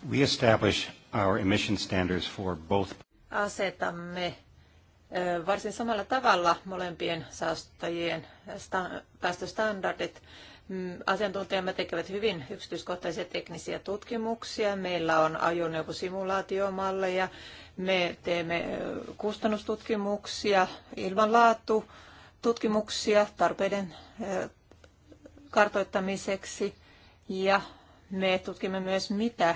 We establish our emission standards for both. Asetamme varsin samalla tavalla molempien saastajien päästöstandardit. Mm, asiantuntijamme tekevät hyvin yksityiskohtaisia teknisiä tutkimuksia. Meillä on ajoneuvosimulaatiomalleja, me teemme kustannustutkimuksia, ilmanlaatu, tutkimuksia tarpeiden kartoittamiseksi ja me tutkimme myös, mitä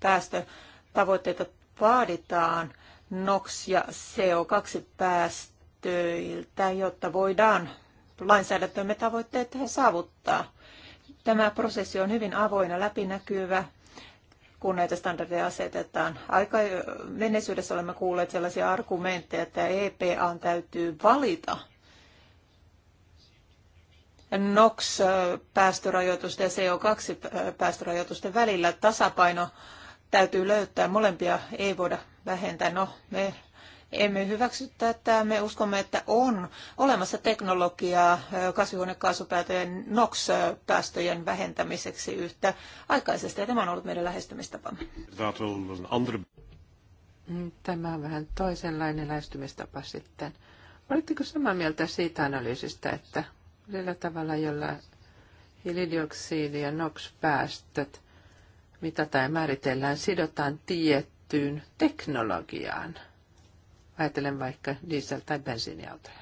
päästötavoitteita vaaditaan NOx- ja CO2-päästöiltä, jotta voidaan lainsäädäntömme tavoitteet saavuttaa. Tämä prosessi on hyvin avoin ja läpinäkyvä, kun näitä standardeja asetetaan. Aika menneisyydessä olemme kuulleet sellaisia argumentteja, että EPA täytyy valita NOx-päästörajoitusten ja CO2-päästörajoitusten välillä tasapaino täytyy löytää. Molempia ei voida vähentää. No, me emme hyväksy tätä. Me uskomme, että on olemassa teknologiaa kasvihuonekaasupäätöjen NOx-päästöjen vähentämiseksi yhtä aikaisesti. Ja tämä on ollut meidän lähestymistapamme. Mm, tämä on vähän toisenlainen lähestymistapa sitten. Oletteko samaa mieltä siitä analyysistä, että sillä tavalla, jolla hiilidioksidi ja NOx-päästöt mitataan ja määritellään, sidotaan tiettyyn teknologiaan. Ajatellen vaikka diesel- tai bensiiniautoja.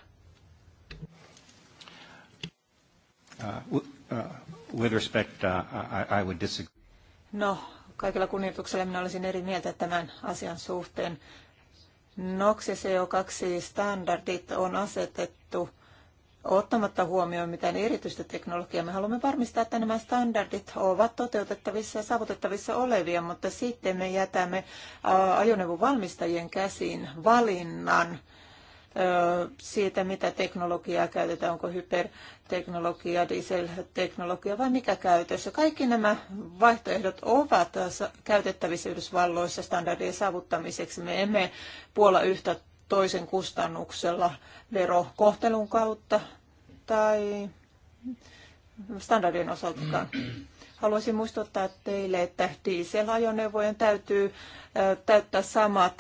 Uh, uh, with respect, uh, I, I would disagree. No, kaikilla kunnioituksella minä olisin eri mieltä tämän asian suhteen. NOX ja CO2-standardit on asetettu ottamatta huomioon mitään erityistä teknologiaa. Me haluamme varmistaa, että nämä standardit ovat toteutettavissa ja saavutettavissa olevia, mutta sitten me jätämme ajoneuvon valmistajien käsiin valinnan siitä, mitä teknologiaa käytetään, onko hyperteknologia, dieselteknologia vai mikä käytössä. Kaikki nämä vaihtoehdot ovat käytettävissä Yhdysvalloissa standardien saavuttamiseksi. Me emme puolla yhtä toisen kustannuksella verokohtelun kautta tai standardin osaltakaan. Haluaisin muistuttaa teille, että dieselajoneuvojen täytyy täyttää samat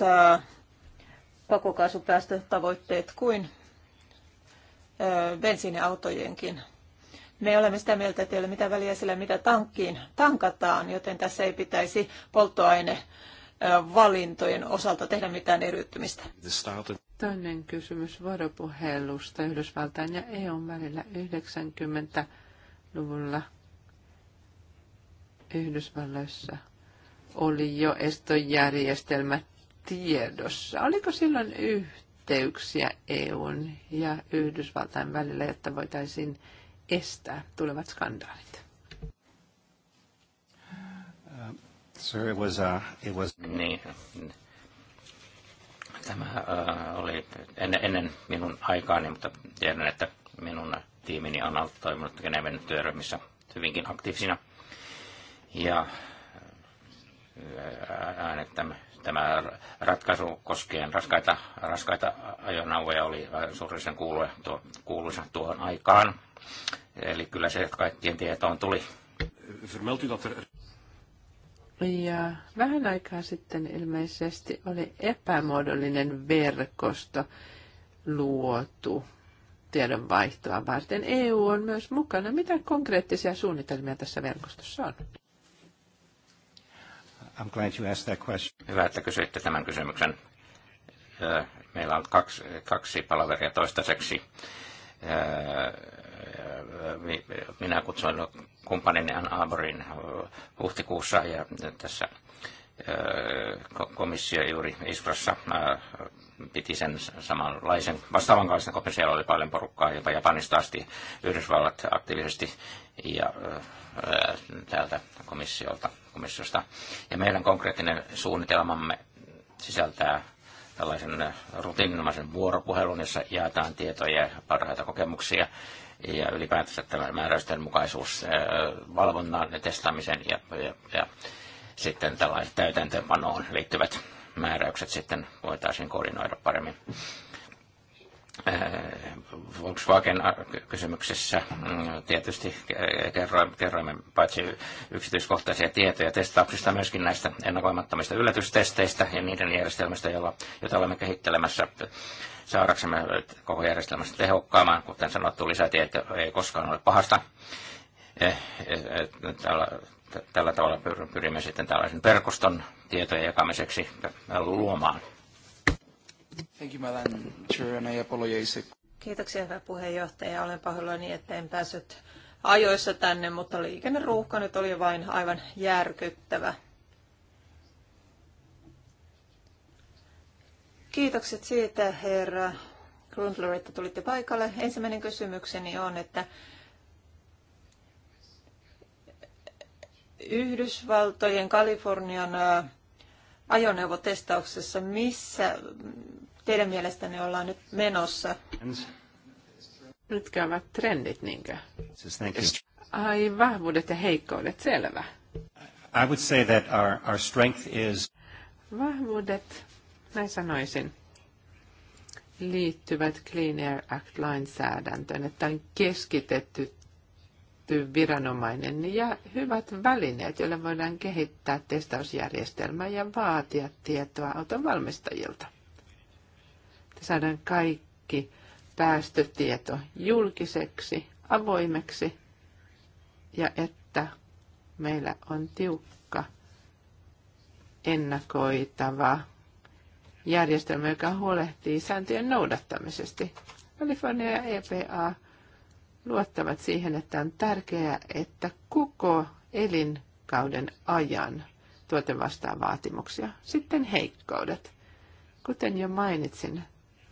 pakokaasupäästötavoitteet kuin bensiiniautojenkin. Me olemme sitä mieltä, että ei ole mitään väliä sillä, mitä tankkiin tankataan, joten tässä ei pitäisi polttoaine valintojen osalta tehdä mitään eriyttämistä. Toinen kysymys vuoropuhelusta Yhdysvaltain ja EUn välillä 90-luvulla Yhdysvalloissa oli jo estojärjestelmä tiedossa. Oliko silloin yhteyksiä EUn ja Yhdysvaltain välillä, jotta voitaisiin estää tulevat skandaalit? Sir, it was, uh, it was... Niin. Tämä uh, oli ennen, ennen minun aikaani, mutta tiedän, että minun tiimini on ollut toiminut Geneven työryhmissä hyvinkin aktiivisina. Ja äh, äänet tämä, tämä ratkaisu koskien raskaita, raskaita ajonauvoja oli äh, suurisen kuuluisa, tuo, kuuluisa tuohon aikaan. Eli kyllä se kaikkien tietoon tuli. Vermeld u dat er ja vähän aikaa sitten ilmeisesti oli epämuodollinen verkosto luotu tiedonvaihtoa varten. EU on myös mukana. Mitä konkreettisia suunnitelmia tässä verkostossa on? I'm glad you asked that question. Hyvä, että kysyitte tämän kysymyksen. Meillä on kaksi, kaksi palaveria toistaiseksi minä kutsuin kumppanini Ann Arborin huhtikuussa ja tässä komissio juuri Israssa piti sen samanlaisen vastaavan kopin. Siellä oli paljon porukkaa, jopa Japanista asti Yhdysvallat aktiivisesti ja täältä komissiolta, komissiosta. Ja meidän konkreettinen suunnitelmamme sisältää tällaisen rutiininomaisen vuoropuhelun, jossa jaetaan tietoja ja parhaita kokemuksia ja ylipäätänsä tämän määräysten mukaisuus äh, valvonnan ja testaamisen ja, ja, ja sitten tällaiset täytäntöönpanoon liittyvät määräykset sitten voitaisiin koordinoida paremmin. Äh, Volkswagen-kysymyksessä äh, mm, tietysti äh, kerroimme paitsi yksityiskohtaisia tietoja testauksista, myöskin näistä ennakoimattomista yllätystesteistä ja niiden järjestelmistä, jolla, joita olemme kehittelemässä saadaksemme koko järjestelmästä tehokkaamaan. Kuten sanottu, lisätieto ei koskaan ole pahasta. Tällä, tällä tavalla pyrimme sitten tällaisen verkoston tietojen jakamiseksi luomaan Kiitoksia, hyvä puheenjohtaja. Olen pahoillani, että en päässyt ajoissa tänne, mutta liikenneruuhka nyt oli vain aivan järkyttävä. Kiitokset siitä, herra Grundler, että tulitte paikalle. Ensimmäinen kysymykseni on, että Yhdysvaltojen Kalifornian ajoneuvotestauksessa, missä teidän mielestänne ollaan nyt menossa? Mitkä ovat trendit niinkö? Ai vahvuudet ja heikkoudet, selvä. I would say that our, our strength is... Vahvuudet, näin sanoisin, liittyvät Clean Air Act-lainsäädäntöön, että on keskitetty viranomainen ja hyvät välineet, joilla voidaan kehittää testausjärjestelmää ja vaatia tietoa auton valmistajilta että saadaan kaikki päästötieto julkiseksi, avoimeksi ja että meillä on tiukka ennakoitava järjestelmä, joka huolehtii sääntöjen noudattamisesta. California ja EPA luottavat siihen, että on tärkeää, että koko elinkauden ajan tuote vastaa vaatimuksia. Sitten heikkoudet. Kuten jo mainitsin,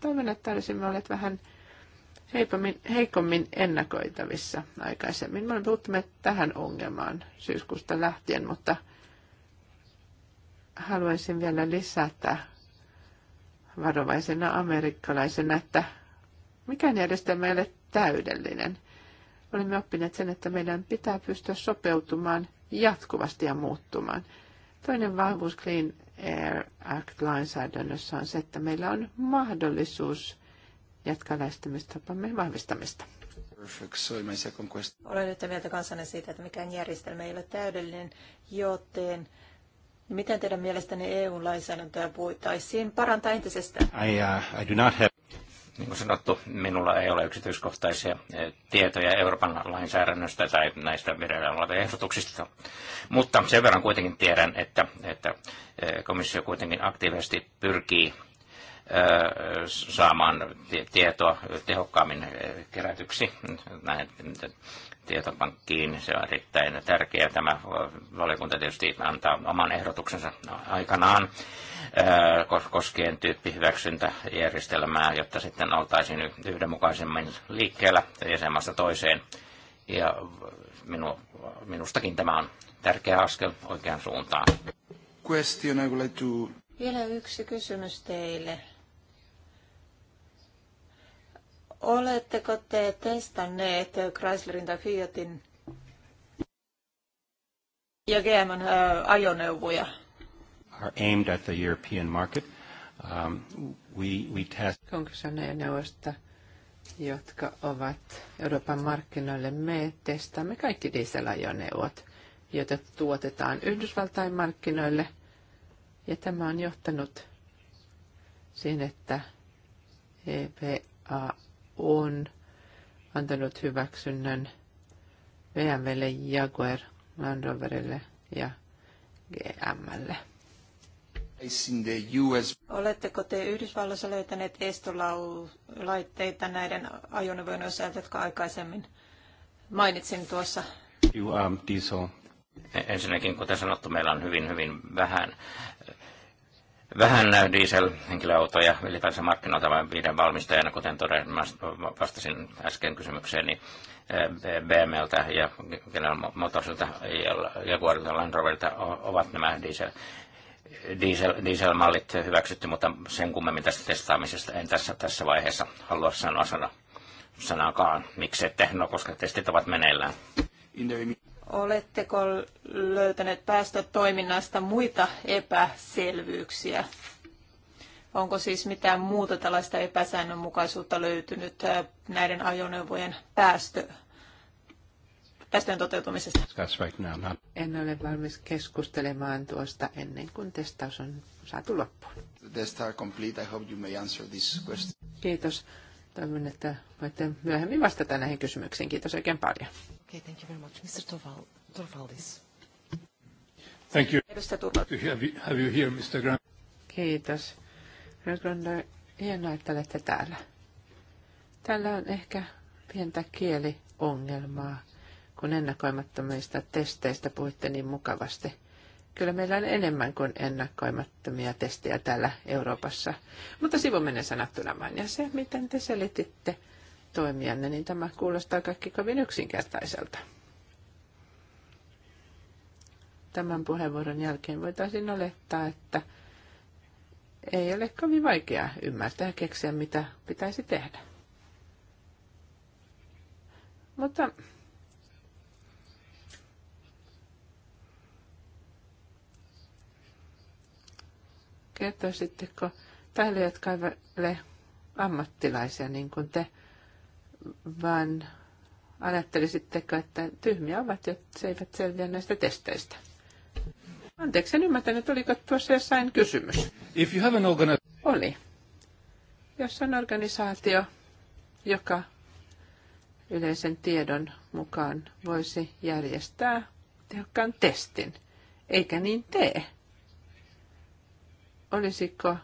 Toivon, että olisimme olleet vähän heikommin, heikommin ennakoitavissa aikaisemmin. Me olemme puuttuneet tähän ongelmaan syyskuusta lähtien, mutta haluaisin vielä lisätä varovaisena amerikkalaisena, että mikään järjestelmä ei ole täydellinen. Olemme oppineet sen, että meidän pitää pystyä sopeutumaan jatkuvasti ja muuttumaan. Toinen vahvuus Clean Air Act-lainsäädännössä on se, että meillä on mahdollisuus jatkaa lähestymistapamme vahvistamista. Olen yhtä mieltä kanssanne siitä, että mikään järjestelmä ei ole täydellinen, joten miten teidän mielestänne EU-lainsäädäntöä voitaisiin parantaa entisestään? I, uh, I do not have... Niin kuin sanottu, minulla ei ole yksityiskohtaisia eh, tietoja Euroopan lainsäädännöstä tai näistä vireillä olevista ehdotuksista, mutta sen verran kuitenkin tiedän, että, että eh, komissio kuitenkin aktiivisesti pyrkii eh, saamaan tietoa tehokkaammin kerätyksi. Näin tietopankkiin. Se on erittäin tärkeää. Tämä valiokunta tietysti antaa oman ehdotuksensa aikanaan koskien tyyppihyväksyntäjärjestelmää, jotta sitten oltaisiin yhdenmukaisemmin liikkeellä jäsenmaasta toiseen. Ja minu, minustakin tämä on tärkeä askel oikeaan suuntaan. Question, I would like to... Vielä yksi kysymys teille. Oletteko te testanneet Chryslerin tai Fiatin ja GMn äh, ajoneuvoja? Are aimed at the European market. Um, we, we test... Onko se ajoneuvosta, jotka ovat Euroopan markkinoille? Me testaamme kaikki dieselajoneuvot, joita tuotetaan Yhdysvaltain markkinoille. Ja tämä on johtanut siihen, että EPA on antanut hyväksynnän VMWlle, Jaguar, Land Roverille ja GMlle. Oletteko te Yhdysvalloissa löytäneet estolaitteita näiden ajoneuvojen osalta, jotka aikaisemmin mainitsin tuossa? You, um, diesel. Ensinnäkin, kuten sanottu, meillä on hyvin, hyvin vähän vähän diesel-henkilöautoja ylipäänsä markkinoilta vain viiden valmistajana, kuten todella vastasin äsken kysymykseen, niin eh, BMWltä ja General Motorsilta ja Jaguarilta Land Roverilta ovat nämä diesel diesel, dieselmallit hyväksytty, mutta sen kummemmin tästä testaamisesta en tässä, tässä vaiheessa halua sanoa sana, sanakaan. Miksi ette? No, koska testit ovat meneillään. Oletteko löytäneet päästötoiminnasta muita epäselvyyksiä? Onko siis mitään muuta tällaista epäsäännönmukaisuutta löytynyt äh, näiden ajoneuvojen päästö, päästöjen toteutumisesta? En ole valmis keskustelemaan tuosta ennen kuin testaus on saatu loppuun. Kiitos. Toivon, että voitte myöhemmin vastata näihin kysymyksiin. Kiitos oikein paljon. Okay, thank you very much. Mr. Torval, Torvaldis. Thank you. Have you, have you here, Mr. Grant? Kiitos. Grönlö, hienoa, että olette täällä. Täällä on ehkä pientä kieliongelmaa, kun ennakoimattomista testeistä puhutte niin mukavasti. Kyllä meillä on enemmän kuin ennakoimattomia testejä täällä Euroopassa, mutta sivu menee sanattuna vain. Ja se, miten te selititte toimijanne, niin tämä kuulostaa kaikki kovin yksinkertaiselta. Tämän puheenvuoron jälkeen voitaisiin olettaa, että ei ole kovin vaikeaa ymmärtää ja keksiä, mitä pitäisi tehdä. Mutta kertoisitteko tälle, jotka eivät ole ammattilaisia niin kuin te, vaan ajattelisitteko, että tyhmiä ovat, jos eivät selviä näistä testeistä? Anteeksi, en ymmärtänyt, oliko tuossa jossain kysymys? If you have an organi- Oli. Jos on organisaatio, joka yleisen tiedon mukaan voisi järjestää tehokkaan testin, eikä niin tee. Olisiko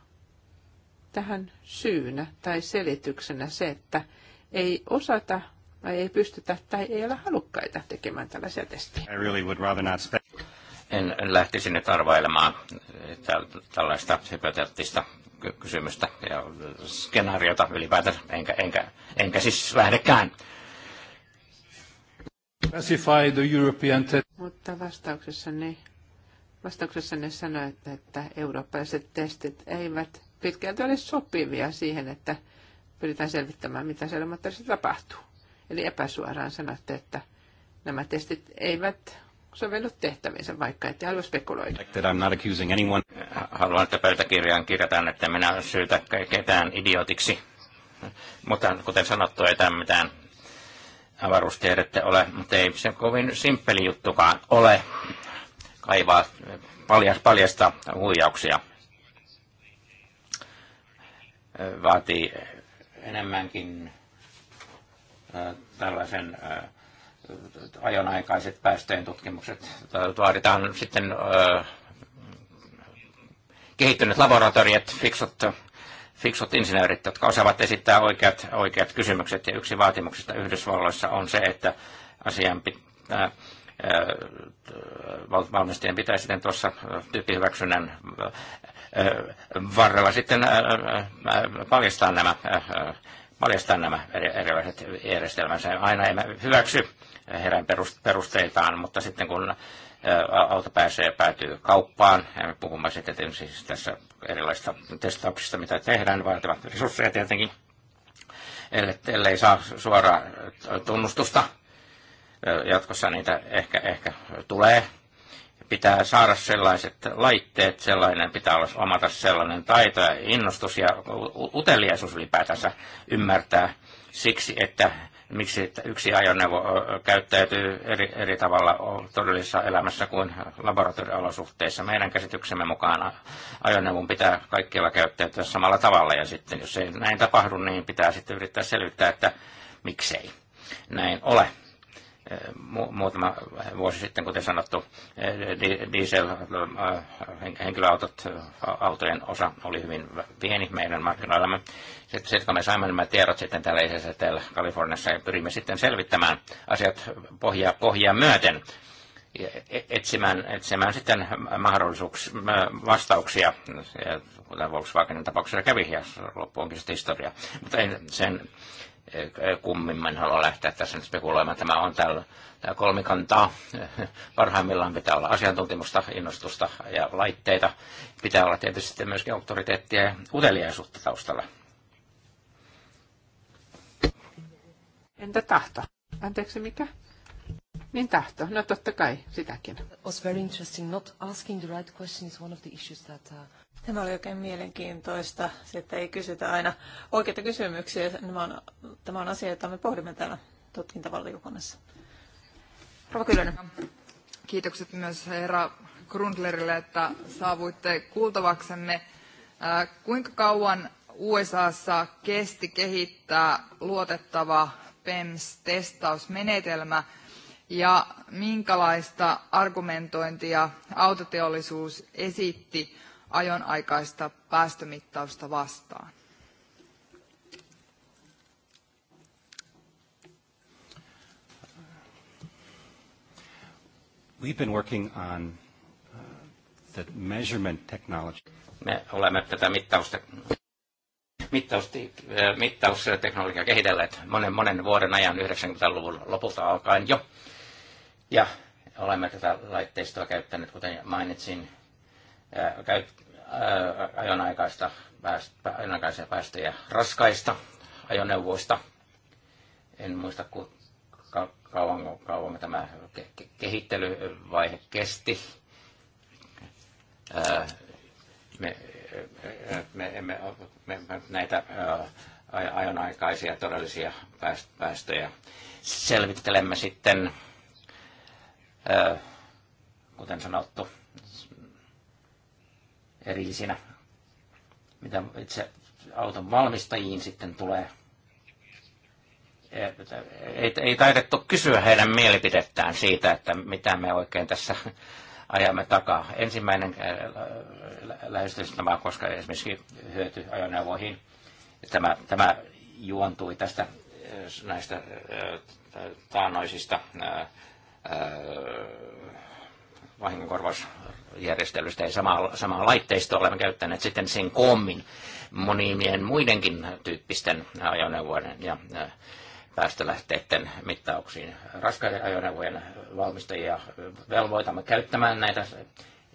tähän syynä tai selityksenä se, että ei osata tai ei pystytä tai ei ole halukkaita tekemään tällaisia testejä. I really would rather not spend... En lähtisi nyt arvailemaan tällaista hypoteettista kysymystä ja skenaariota ylipäätään, enkä, enkä, enkä siis lähdekään. Classify the European Mutta vastauksessanne, vastauksessanne sanoitte, että eurooppalaiset testit eivät pitkälti ole sopivia siihen, että pyritään selvittämään, mitä siellä materiaalissa tapahtuu. Eli epäsuoraan sanotte, että nämä testit eivät sovellu tehtäviinsä, vaikka ette halua spekuloida. Haluan, että pöytäkirjaan kirjataan, että minä en syytä ketään idiotiksi. Mutta kuten sanottu, ei tämä mitään avaruustiedettä ole, mutta ei se kovin simppeli juttukaan ole kaivaa paljasta huijauksia. Vaatii enemmänkin tällaisen ajonaikaiset päästöjen tutkimukset. Vaaditaan sitten kehittyneet laboratoriot, fiksut, fiksut insinöörit, jotka osaavat esittää oikeat, oikeat kysymykset. Ja yksi vaatimuksista Yhdysvalloissa on se, että asian pitää, valmistajien pitäisi sitten tuossa tyyppihyväksynnän varrella sitten paljastaa nämä, paljastaa nämä erilaiset järjestelmänsä. Aina emme hyväksy heidän perusteitaan, mutta sitten kun auto pääsee päätyy kauppaan, ja puhumme sitten tietysti siis tässä erilaisista testauksista, mitä tehdään, vaativat resursseja tietenkin, ellei saa suoraa tunnustusta. Jatkossa niitä ehkä, ehkä tulee, pitää saada sellaiset laitteet, sellainen pitää olla omata sellainen taito ja innostus ja uteliaisuus ylipäätänsä ymmärtää siksi, että miksi yksi ajoneuvo käyttäytyy eri, eri tavalla todellisessa elämässä kuin laboratorioolosuhteissa. Meidän käsityksemme mukaan ajoneuvon pitää kaikkialla käyttäytyä samalla tavalla ja sitten jos ei näin tapahdu, niin pitää sitten yrittää selvittää, että miksei näin ole muutama vuosi sitten, kuten sanottu, diesel-henkilöautot, äh, äh, autojen osa oli hyvin pieni meidän markkinoillamme. Sitten kun me saimme nämä tiedot sitten täällä isässä Kaliforniassa ja pyrimme sitten selvittämään asiat pohjaa, pohjaa myöten, e-, etsimään, etsimään sitten mahdollisuuksia, vastauksia, kuten Volkswagenin tapauksessa kävi, ja loppu onkin sitten historia. Mutta sen kummimman halua lähteä tässä nyt spekuloimaan. Tämä on täällä tämä kolmikantaa. Parhaimmillaan pitää olla asiantuntemusta, innostusta ja laitteita. Pitää olla tietysti myöskin auktoriteettia ja uteliaisuutta taustalla. Entä tahto? Anteeksi, mikä? Niin tahto. No totta kai, sitäkin. It was very interesting. Not asking the right question is one of the issues that uh, Tämä oli oikein mielenkiintoista, se, että ei kysytä aina oikeita kysymyksiä. Tämä on, tämä on asia, jota me pohdimme täällä tutkintavaliokunnassa. Rova Kylönen. Kiitokset myös herra Grundlerille, että saavuitte kuultavaksemme. Äh, kuinka kauan USAssa kesti kehittää luotettava PEMS-testausmenetelmä ja minkälaista argumentointia autoteollisuus esitti ajonaikaista päästömittausta vastaan? We've been working on uh, the measurement technology. Me olemme tätä mittausta, mittausta, äh, mittausteknologiaa kehitelleet monen, monen vuoden ajan 90-luvun lopulta alkaen jo. Ja olemme tätä laitteistoa käyttäneet, kuten mainitsin, ajonaikaista ajonaikaisia päästöjä raskaista ajoneuvoista. En muista, ku, ka, kauan, kauan tämä ke, ke, kehittelyvaihe kesti. Ää, me, me, emme me, me näitä ää, ajonaikaisia todellisia päästöjä selvittelemme sitten, ää, kuten sanottu, erillisinä, mitä itse auton valmistajiin sitten tulee. Ei, ei, taidettu kysyä heidän mielipidettään siitä, että mitä me oikein tässä ajamme takaa. Ensimmäinen äh, lähestymistapa, koska esimerkiksi hyöty ajoneuvoihin, tämä, tämä juontui tästä äh, näistä äh, taanoisista vahingonkorvausjärjestelystä ei samaa, samaa laitteistoa olemme käyttäneet sitten sen koommin monimien muidenkin tyyppisten ajoneuvojen ja päästölähteiden mittauksiin. Raskaiden ajoneuvojen valmistajia velvoitamme käyttämään näitä,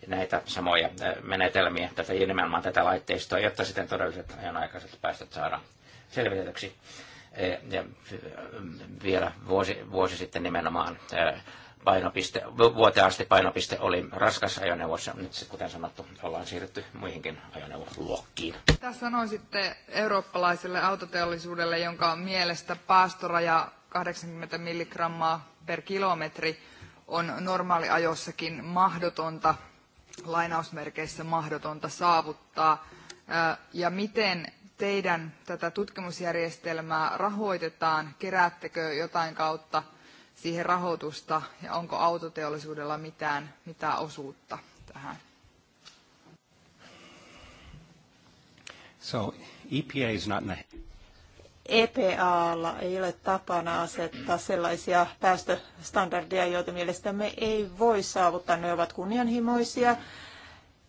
näitä samoja menetelmiä, tätä nimenomaan tätä laitteistoa, jotta sitten todelliset ajonaikaiset päästöt saadaan selvitetyksi. Ja vielä vuosi, vuosi sitten nimenomaan painopiste, vuoteen asti painopiste oli raskas ajoneuvossa. Nyt sitten, kuten sanottu, ollaan siirrytty muihinkin ajoneuvoluokkiin. Mitä sanoisitte eurooppalaiselle autoteollisuudelle, jonka mielestä paastoraja 80 milligrammaa per kilometri on normaaliajossakin mahdotonta, lainausmerkeissä mahdotonta saavuttaa? Ja miten teidän tätä tutkimusjärjestelmää rahoitetaan? Keräättekö jotain kautta – siihen rahoitusta ja onko autoteollisuudella mitään, mitään osuutta tähän? So, EPA is not EPAlla e ei ole tapana asettaa sellaisia päästöstandardeja, joita mielestämme ei voi saavuttaa. Ne ovat kunnianhimoisia,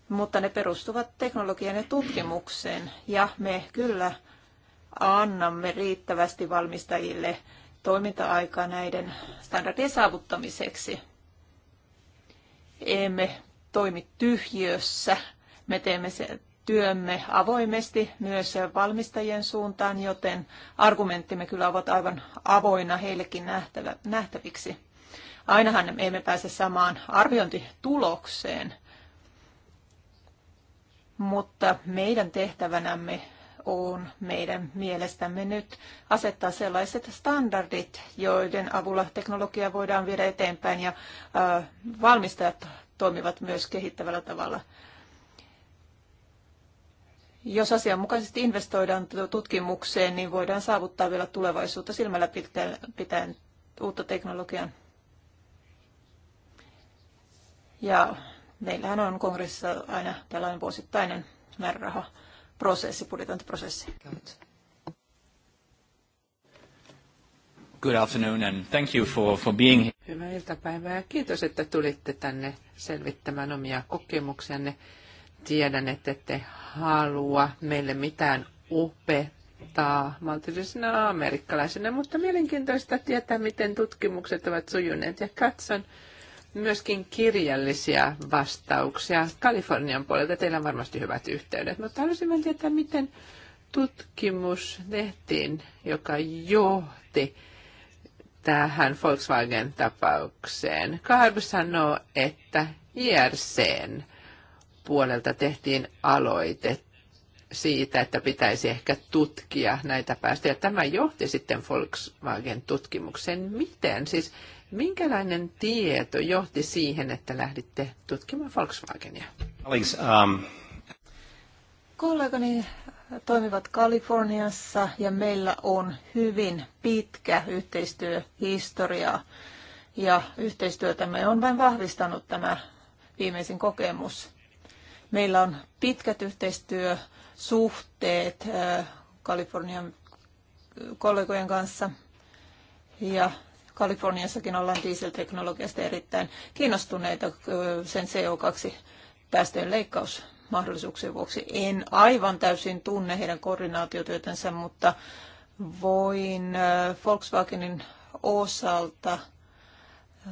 mutta ne perustuvat teknologian ja tutkimukseen. Ja me kyllä annamme riittävästi valmistajille toiminta-aikaa näiden standardien saavuttamiseksi. Emme toimi tyhjössä. Me teemme se työmme avoimesti myös valmistajien suuntaan, joten argumenttimme kyllä ovat aivan avoinna heillekin nähtävä, nähtäviksi. Ainahan emme pääse samaan arviointitulokseen, mutta meidän tehtävänämme on meidän mielestämme nyt asettaa sellaiset standardit, joiden avulla teknologiaa voidaan viedä eteenpäin ja valmistajat toimivat myös kehittävällä tavalla. Jos asianmukaisesti investoidaan tutkimukseen, niin voidaan saavuttaa vielä tulevaisuutta silmällä pitäen uutta teknologiaa. Ja meillähän on kongressissa aina tällainen vuosittainen määräraha prosessi, budjetointiprosessi. Good afternoon and thank you for, for being here. Hyvää iltapäivää ja kiitos, että tulitte tänne selvittämään omia kokemuksianne. Tiedän, että ette halua meille mitään opettaa maltillisena amerikkalaisena, mutta mielenkiintoista tietää, miten tutkimukset ovat sujuneet. Ja katson, myöskin kirjallisia vastauksia Kalifornian puolelta. Teillä on varmasti hyvät yhteydet, mutta haluaisin vain tietää, miten tutkimus tehtiin, joka johti tähän Volkswagen-tapaukseen. Karb sanoo, että JRCn puolelta tehtiin aloite siitä, että pitäisi ehkä tutkia näitä päästöjä. Tämä johti sitten Volkswagen-tutkimukseen. Miten? Siis Minkälainen tieto johti siihen, että lähditte tutkimaan Volkswagenia? Alex, um... Kollegani toimivat Kaliforniassa ja meillä on hyvin pitkä yhteistyöhistoria ja yhteistyötämme on vain vahvistanut tämä viimeisin kokemus. Meillä on pitkät yhteistyösuhteet äh, Kalifornian kollegojen kanssa ja Kaliforniassakin ollaan dieselteknologiasta erittäin kiinnostuneita sen CO2-päästöjen leikkaus mahdollisuuksien vuoksi. En aivan täysin tunne heidän koordinaatiotyötänsä, mutta voin Volkswagenin osalta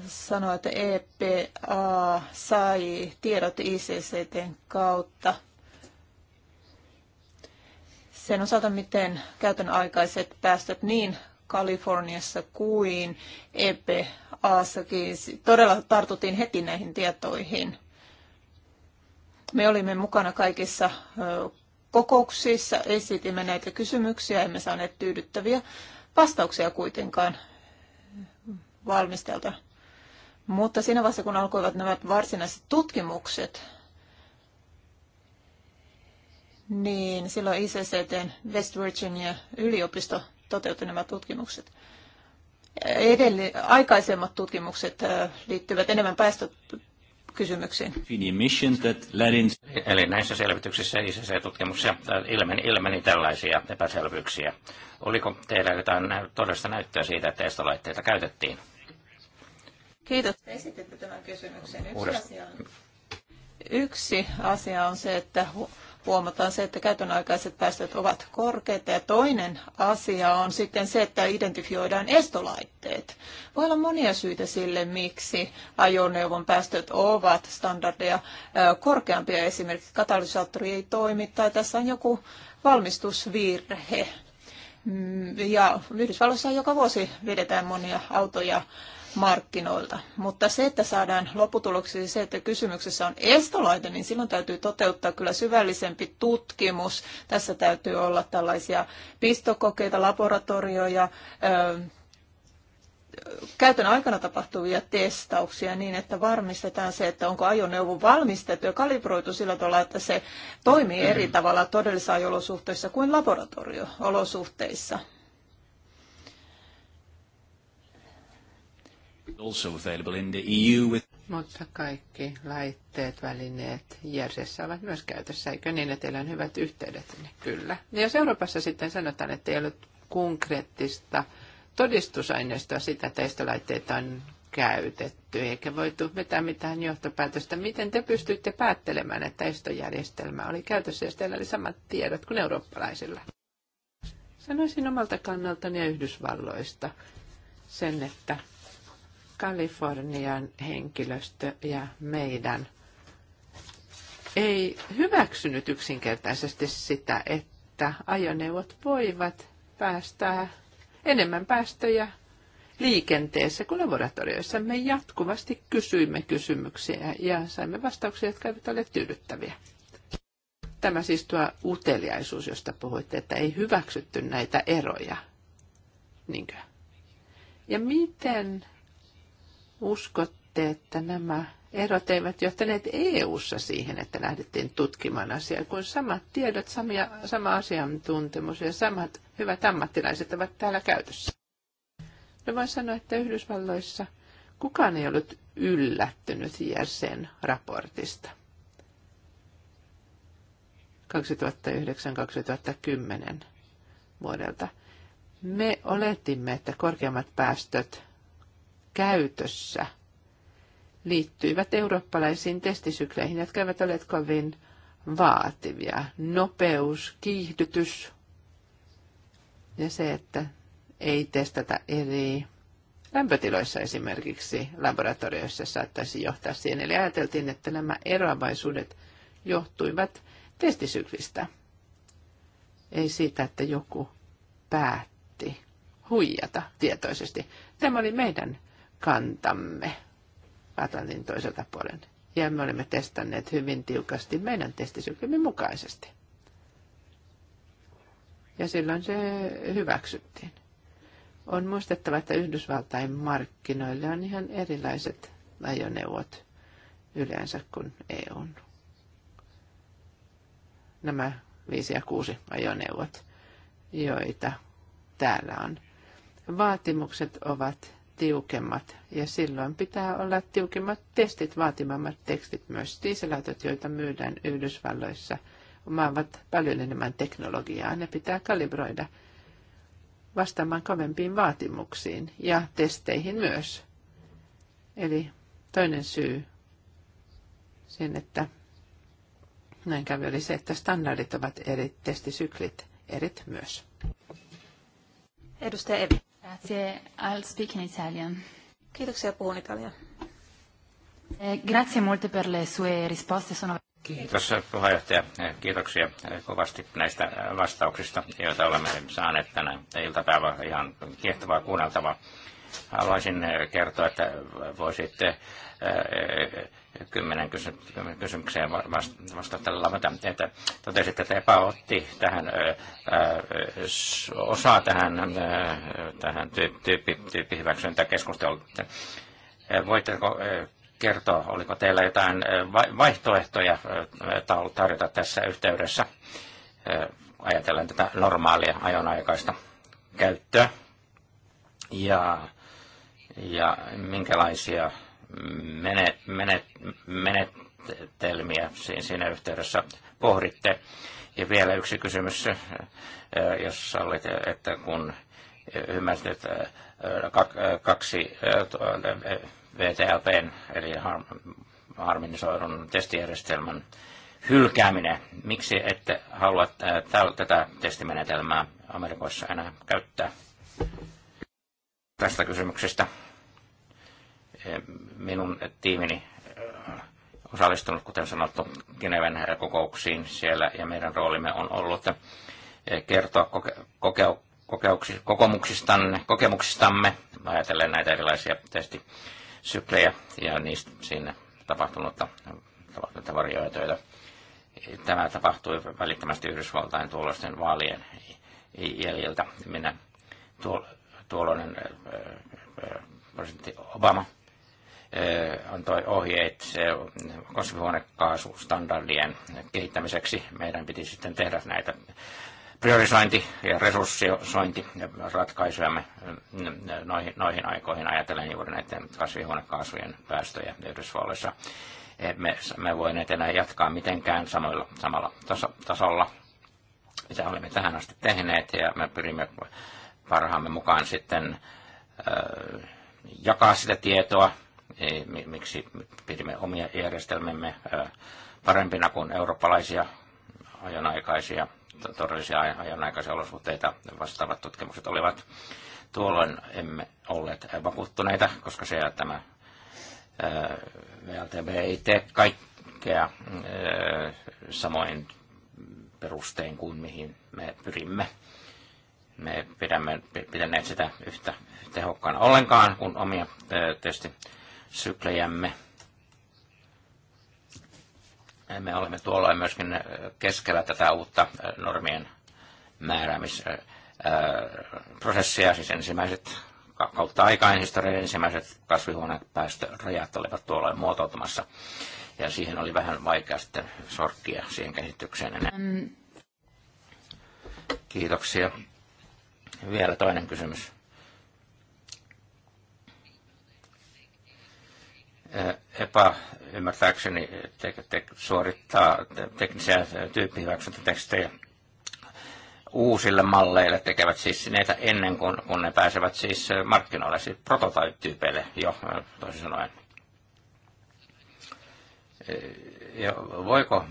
sanoa, että EPA sai tiedot ICCTn kautta sen osalta, miten käytön aikaiset päästöt niin Kaliforniassa kuin EPAssakin. Todella tartuttiin heti näihin tietoihin. Me olimme mukana kaikissa kokouksissa, esitimme näitä kysymyksiä, emme saaneet tyydyttäviä vastauksia kuitenkaan valmistelta. Mutta siinä vaiheessa, kun alkoivat nämä varsinaiset tutkimukset, niin silloin ICCTn West Virginia yliopisto toteutui nämä tutkimukset. Edelli, aikaisemmat tutkimukset liittyvät enemmän päästökysymyksiin. Eli näissä selvityksissä ICC-tutkimuksissa ilmeni, ilmeni tällaisia epäselvyyksiä. Oliko teillä jotain todellista näyttöä siitä, että estolaitteita käytettiin? Kiitos. Esititte tämän kysymyksen. Yksi asia, on, yksi asia on se, että huomataan se, että käytön aikaiset päästöt ovat korkeita. Ja toinen asia on sitten se, että identifioidaan estolaitteet. Voi olla monia syitä sille, miksi ajoneuvon päästöt ovat standardeja korkeampia. Esimerkiksi katalysaattori ei toimi tai tässä on joku valmistusvirhe. Mm, ja Yhdysvalloissa joka vuosi vedetään monia autoja markkinoilta. Mutta se, että saadaan loputuloksi se, että kysymyksessä on estolaite, niin silloin täytyy toteuttaa kyllä syvällisempi tutkimus. Tässä täytyy olla tällaisia pistokokeita, laboratorioja, käytön aikana tapahtuvia testauksia niin, että varmistetaan se, että onko ajoneuvo valmistettu ja kalibroitu sillä tavalla, että se toimii eri tavalla todellisissa ajolosuhteissa kuin laboratorioolosuhteissa. E Mutta kaikki laitteet, välineet järjessä ovat myös käytössä, eikö niin, että teillä on hyvät yhteydet? Kyllä. Ja jos Euroopassa sitten sanotaan, että ei ollut konkreettista todistusaineistoa sitä, että estolaitteita on käytetty, eikä voitu vetää mitään johtopäätöstä. Miten te pystytte päättelemään, että estojärjestelmä oli käytössä, jos teillä oli samat tiedot kuin eurooppalaisilla? Sanoisin omalta kannaltani ja Yhdysvalloista sen, että Kalifornian henkilöstö ja meidän ei hyväksynyt yksinkertaisesti sitä, että ajoneuvot voivat päästää enemmän päästöjä liikenteessä kuin laboratorioissa. Me jatkuvasti kysyimme kysymyksiä ja saimme vastauksia, jotka eivät ole tyydyttäviä. Tämä siis tuo uteliaisuus, josta puhuitte, että ei hyväksytty näitä eroja. Niinkö? Ja miten uskotte, että nämä erot eivät johtaneet EU-ssa siihen, että lähdettiin tutkimaan asiaa, kun samat tiedot, samia, sama asiantuntemus ja samat hyvät ammattilaiset ovat täällä käytössä. No voin sanoa, että Yhdysvalloissa kukaan ei ollut yllättynyt JRCn raportista. 2009-2010 vuodelta. Me oletimme, että korkeammat päästöt käytössä liittyivät eurooppalaisiin testisykleihin, jotka eivät ole kovin vaativia. Nopeus, kiihdytys ja se, että ei testata eri lämpötiloissa esimerkiksi laboratorioissa saattaisi johtaa siihen. Eli ajateltiin, että nämä eroavaisuudet johtuivat testisyklistä. Ei siitä, että joku päätti huijata tietoisesti. Tämä oli meidän kantamme Atlantin toiselta puolen. Ja me olemme testanneet hyvin tiukasti meidän testisykymme mukaisesti. Ja silloin se hyväksyttiin. On muistettava, että Yhdysvaltain markkinoille on ihan erilaiset ajoneuvot yleensä kuin EU. Nämä viisi ja kuusi ajoneuvot, joita täällä on. Vaatimukset ovat tiukemmat ja silloin pitää olla tiukemmat testit, vaatimammat tekstit myös. Dieselautot, joita myydään Yhdysvalloissa, omaavat paljon enemmän teknologiaa. Ne pitää kalibroida vastaamaan kovempiin vaatimuksiin ja testeihin myös. Eli toinen syy sen, että näin kävi, oli se, että standardit ovat eri, testisyklit erit myös. Edustaja Evi. Grazie. I'll speak in Italian. Kiitoksia, puhun eh, Grazie molte per le sue risposte. Sono... Kiitos puheenjohtaja. Eh, kiitoksia kovasti näistä eh, vastauksista, joita olemme saaneet tänä iltapäivänä. Ihan kiehtovaa kuunneltavaa. Haluaisin kertoa, että voisitte kymmenen kysymykseen vastattavalla, että totesitte, että EPA otti tähän ää, osaa tähän, ää, tähän tyyppi, tyyppihyväksyntäkeskusteluun. Voitteko kertoa, oliko teillä jotain vaihtoehtoja tarjota tässä yhteydessä ajatellen tätä normaalia ajonaikaista käyttöä ja, ja minkälaisia menet, menet, menetelmiä siinä yhteydessä pohditte. Ja vielä yksi kysymys, jos sallit, että kun ymmärsit että kaksi VTLP, eli harmonisoidun testijärjestelmän hylkääminen. Miksi ette halua tätä testimenetelmää Amerikoissa enää käyttää tästä kysymyksestä? minun tiimini äh, osallistunut, kuten sanottu, Geneven kokouksiin siellä, ja meidän roolimme on ollut äh, kertoa koke- koke- kokemuksistamme, ajatellen näitä erilaisia testisyklejä ja niistä siinä tapahtunutta, tapahtunutta varjoitöitä. Tämä tapahtui välittömästi Yhdysvaltain tuolloisten vaalien jäljiltä. Minä tuol- tuolloinen äh, presidentti Obama – antoi ohjeet kasvihuonekaasustandardien kehittämiseksi. Meidän piti sitten tehdä näitä priorisointi- ja resurssointiratkaisujamme noihin, noihin aikoihin ajatellen juuri näiden kasvihuonekaasujen päästöjä Yhdysvalloissa. E, me, me voimme enää jatkaa mitenkään samoilla, samalla taso, tasolla, mitä olemme tähän asti tehneet, ja me pyrimme parhaamme mukaan sitten ö, jakaa sitä tietoa miksi pidimme omia järjestelmämme parempina kuin eurooppalaisia ajonaikaisia, todellisia ajonaikaisia olosuhteita vastaavat tutkimukset olivat. Tuolloin emme olleet vakuuttuneita, koska se tämä VLTB ei tee kaikkea samoin perustein kuin mihin me pyrimme. Me pidämme pitäneet sitä yhtä tehokkaana ollenkaan kuin omia tietysti syklejämme. Me olemme tuolla myöskin keskellä tätä uutta normien määräämisprosessia, siis ensimmäiset kautta aikaan historian ensimmäiset kasvihuonepäästörajat olivat tuolla muotoutumassa. Ja siihen oli vähän vaikea sitten sorkkia siihen kehitykseen enää. Kiitoksia. Vielä toinen kysymys. Äh, EPA ymmärtääkseni te, te, suorittaa teknisiä äh, tyyppihyväksyntätekstejä uusille malleille, tekevät siis näitä ennen kuin kun ne pääsevät siis äh, markkinoille, siis prototyypeille jo toisin sanoen. Ja voiko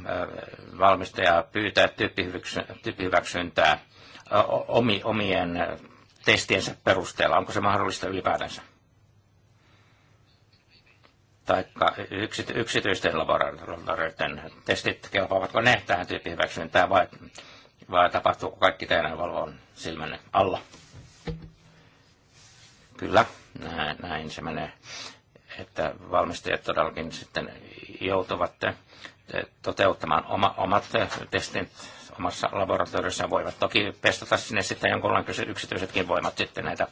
valmistaja pyytää tyyppihyväksyntää omien testiensä perusteella? Onko se mahdollista ylipäätänsä? tai yksity, yksityisten laboratorioiden testit, kelpaavatko ne tähän tyyppiin hyväksyntään vai, vai tapahtuuko kaikki teidän valvon silmänne alla? Kyllä, näin, näin se menee, että valmistajat todellakin sitten joutuvat eh, toteuttamaan oma, omat eh, testit omassa laboratoriossa voivat toki pestata sinne sitten jonkunlainen yksityisetkin voimat sitten näitä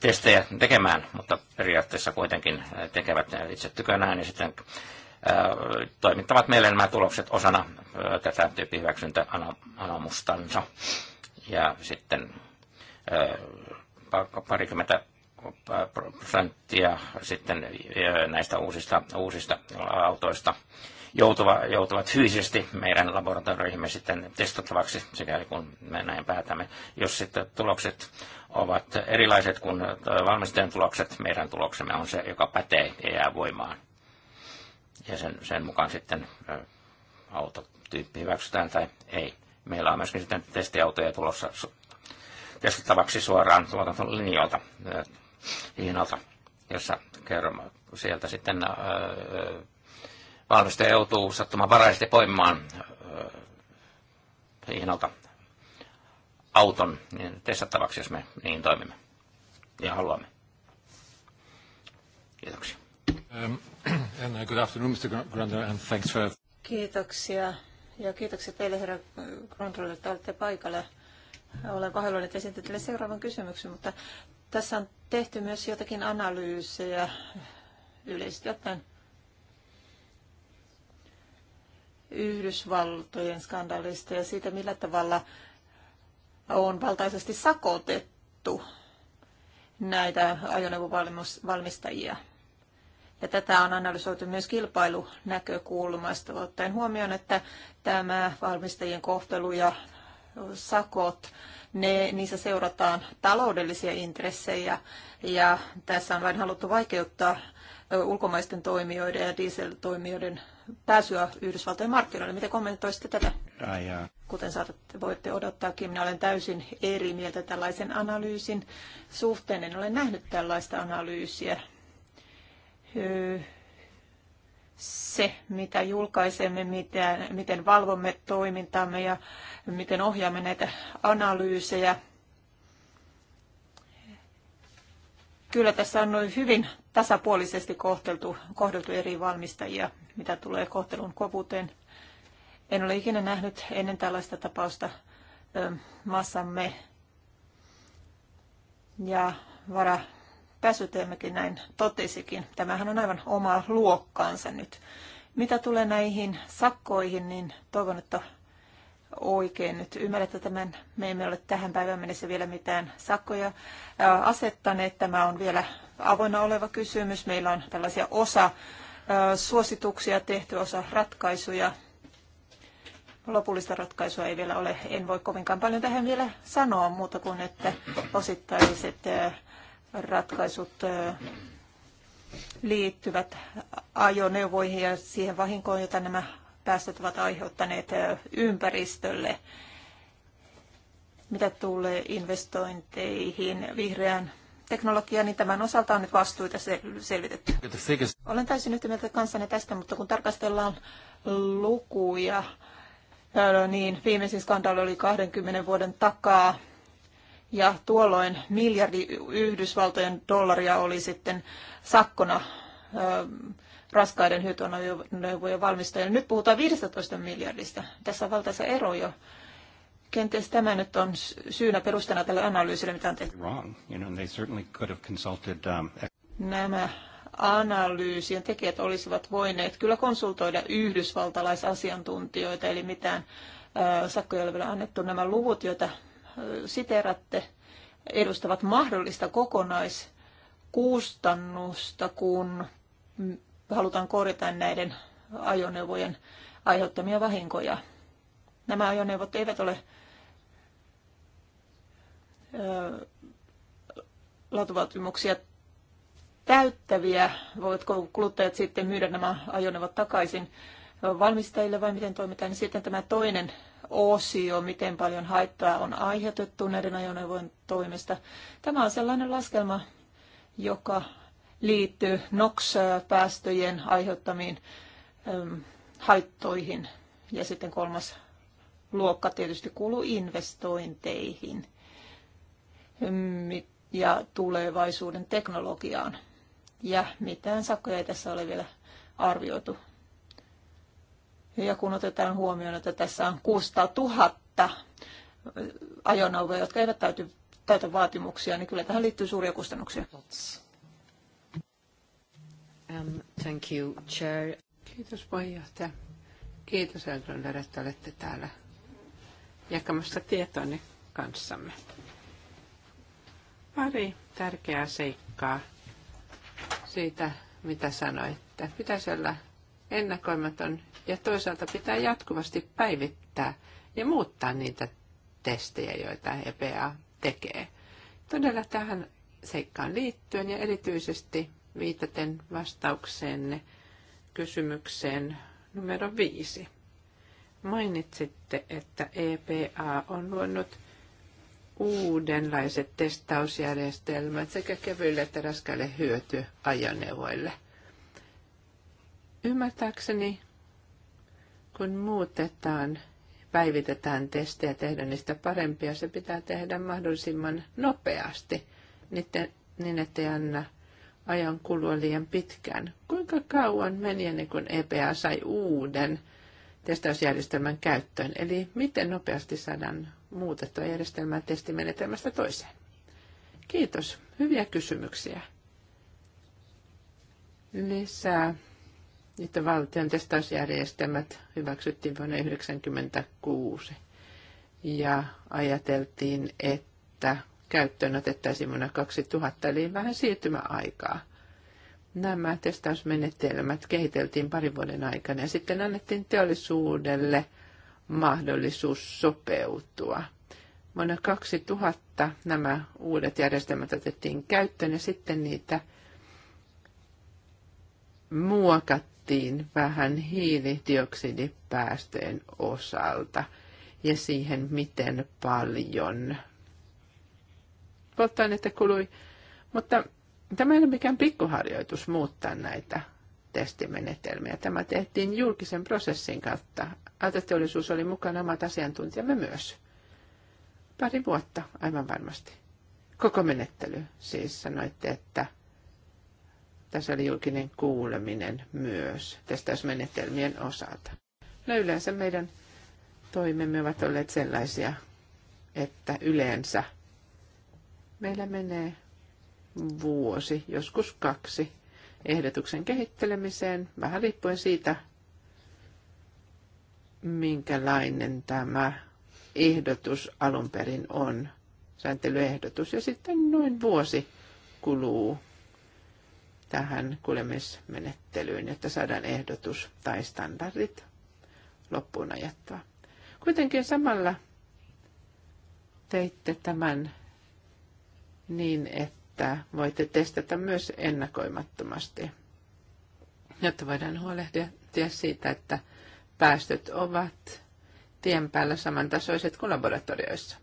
testejä tekemään, mutta periaatteessa kuitenkin äh, tekevät itse tykönään ja sitten äh, toimittavat meille nämä tulokset osana äh, tätä tyyppihyväksyntäanomustansa. Ja sitten parikymmentä prosenttia sitten näistä uusista, uusista autoista joutuva, joutuvat fyysisesti meidän laboratorioihimme sitten testattavaksi, sikäli kun me näin päätämme. Jos sitten tulokset ovat erilaiset kuin valmistajan tulokset, meidän tuloksemme on se, joka pätee ja e jää voimaan. Ja sen, sen mukaan sitten autotyyppi hyväksytään tai ei. Meillä on myöskin sitten testiautoja tulossa testattavaksi suoraan tuotantolinjoilta, Hiinalta, jossa kerromme sieltä sitten valmistaja joutuu sattumanvaraisesti poimimaan hihnalta äh, auton niin testattavaksi, jos me niin toimimme ja haluamme. Kiitoksia. Um, and uh, good afternoon, Mr. and thanks for... Kiitoksia. Ja kiitoksia teille, herra Grundrolle, että olette paikalla. Olen pahoillani, että esitän teille seuraavan kysymyksen, mutta tässä on tehty myös jotakin analyysejä yleisesti ottaen Yhdysvaltojen skandaalista ja siitä, millä tavalla on valtaisesti sakotettu näitä ajoneuvovalmistajia. Ja tätä on analysoitu myös kilpailunäkökulmasta, ottaen huomioon, että tämä valmistajien kohtelu ja sakot, ne, niissä seurataan taloudellisia intressejä ja tässä on vain haluttu vaikeuttaa ulkomaisten toimijoiden ja dieseltoimijoiden pääsyä Yhdysvaltojen markkinoille. Miten kommentoisitte tätä? jaa. Kuten saatatte, voitte odottaakin, minä olen täysin eri mieltä tällaisen analyysin suhteen. En ole nähnyt tällaista analyysiä. Se, mitä julkaisemme, miten, miten valvomme toimintamme ja miten ohjaamme näitä analyysejä, kyllä tässä on noin hyvin tasapuolisesti kohteltu, kohdeltu eri valmistajia mitä tulee kohtelun kovuuteen. En ole ikinä nähnyt ennen tällaista tapausta massamme Ja vara pääsyteemmekin näin totesikin. Tämähän on aivan omaa luokkaansa nyt. Mitä tulee näihin sakkoihin, niin toivon, että oikein nyt ymmärrätte tämän. Me emme ole tähän päivään mennessä vielä mitään sakkoja asettaneet. Tämä on vielä avoinna oleva kysymys. Meillä on tällaisia osa suosituksia tehty, osa ratkaisuja. Lopullista ratkaisua ei vielä ole. En voi kovinkaan paljon tähän vielä sanoa muuta kuin, että osittaiset ratkaisut liittyvät ajoneuvoihin ja siihen vahinkoon, jota nämä päästöt ovat aiheuttaneet ympäristölle. Mitä tulee investointeihin vihreään teknologiaa, niin tämän osalta on nyt vastuita selvitetty. Olen täysin yhtä mieltä kanssanne tästä, mutta kun tarkastellaan lukuja, niin viimeisin skandaali oli 20 vuoden takaa. Ja tuolloin miljardi Yhdysvaltojen dollaria oli sitten sakkona raskaiden hyötyajoneuvojen valmistajille. Nyt puhutaan 15 miljardista. Tässä on valtaisa ero jo. Kenties tämä nyt on syynä perustana tälle analyysille, mitä on tehty. Um, Nämä analyysien tekijät olisivat voineet kyllä konsultoida yhdysvaltalaisasiantuntijoita, eli mitään sakkoja ole annettu. Nämä luvut, joita siteratte, edustavat mahdollista kokonaiskustannusta, kun halutaan korjata näiden ajoneuvojen aiheuttamia vahinkoja. Nämä ajoneuvot eivät ole laatuvaatimuksia täyttäviä, voivatko kuluttajat sitten myydä nämä ajoneuvot takaisin valmistajille vai miten toimitaan. Niin sitten tämä toinen osio, miten paljon haittaa on aiheutettu näiden ajoneuvojen toimesta. Tämä on sellainen laskelma, joka liittyy NOx-päästöjen aiheuttamiin haittoihin. Ja sitten kolmas luokka tietysti kuuluu investointeihin. Mm, ja tulevaisuuden teknologiaan. Ja mitään sakkoja ei tässä ole vielä arvioitu. Ja kun otetaan huomioon, että tässä on 600 000 ajoneuvoja, jotka eivät täyty, täytä vaatimuksia, niin kyllä tähän liittyy suuria kustannuksia. Um, thank you, chair. Kiitos puheenjohtaja. Kiitos Elronder, että olette täällä jakamassa tietoanne kanssamme. Pari tärkeää seikkaa siitä, mitä sanoitte. Pitäisi olla ennakoimaton ja toisaalta pitää jatkuvasti päivittää ja muuttaa niitä testejä, joita EPA tekee. Todella tähän seikkaan liittyen ja erityisesti viitaten vastaukseenne kysymykseen numero viisi. Mainitsitte, että EPA on luonut uudenlaiset testausjärjestelmät sekä kevyille että raskaille hyötyajoneuvoille. Ymmärtääkseni, kun muutetaan, päivitetään testejä, tehdä niistä parempia, se pitää tehdä mahdollisimman nopeasti, niin ettei anna ajan kulua liian pitkään. Kuinka kauan meni ennen kuin EPA sai uuden testausjärjestelmän käyttöön? Eli miten nopeasti saadaan muutettua järjestelmää testimenetelmästä toiseen? Kiitos. Hyviä kysymyksiä. Lisää. Niitä valtion testausjärjestelmät hyväksyttiin vuonna 1996 ja ajateltiin, että käyttöön otettaisiin vuonna 2000, eli vähän siirtymäaikaa. Nämä testausmenetelmät kehiteltiin parin vuoden aikana ja sitten annettiin teollisuudelle – mahdollisuus sopeutua. Vuonna 2000 nämä uudet järjestelmät otettiin käyttöön ja sitten niitä muokattiin vähän hiilidioksidipäästöjen osalta ja siihen, miten paljon polttoainetta kului. Mutta tämä ei ole mikään pikkuharjoitus muuttaa näitä testimenetelmiä. Tämä tehtiin julkisen prosessin kautta. Aateteollisuus oli mukana omat asiantuntijamme myös. Pari vuotta, aivan varmasti. Koko menettely. Siis sanoitte, että tässä oli julkinen kuuleminen myös testausmenetelmien osalta. No yleensä meidän toimemme ovat olleet sellaisia, että yleensä meillä menee vuosi, joskus kaksi ehdotuksen kehittelemiseen, vähän riippuen siitä, minkälainen tämä ehdotus alun perin on, sääntelyehdotus. Ja sitten noin vuosi kuluu tähän kuulemismenettelyyn, että saadaan ehdotus tai standardit loppuun ajattua. Kuitenkin samalla teitte tämän niin, että että voitte testata myös ennakoimattomasti, jotta voidaan huolehtia siitä, että päästöt ovat tien päällä samantasoiset kuin laboratorioissa.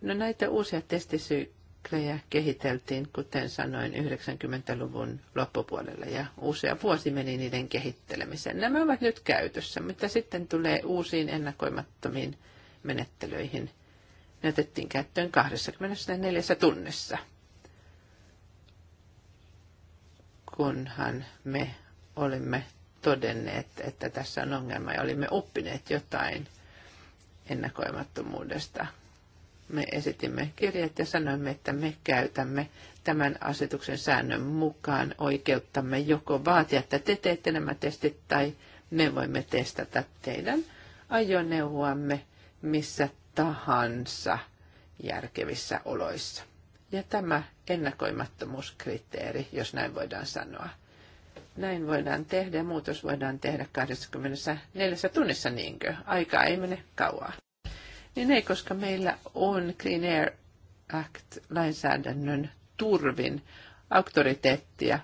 No näitä uusia testisyklejä kehiteltiin, kuten sanoin, 90-luvun loppupuolella ja usea vuosi meni niiden kehittelemiseen. Nämä ovat nyt käytössä, mutta sitten tulee uusiin ennakoimattomiin menettelyihin. Ne otettiin käyttöön 24 tunnissa. kunhan me olimme todenneet, että tässä on ongelma ja olimme oppineet jotain ennakoimattomuudesta. Me esitimme kirjat ja sanoimme, että me käytämme tämän asetuksen säännön mukaan oikeuttamme joko vaatia, että te teette nämä testit tai me voimme testata teidän ajoneuvoamme missä tahansa järkevissä oloissa. Ja tämä ennakoimattomuuskriteeri, jos näin voidaan sanoa. Näin voidaan tehdä ja muutos voidaan tehdä 24 tunnissa, niinkö? aika ei mene kauaa. Niin ei, koska meillä on Clean Air Act-lainsäädännön turvin auktoriteettia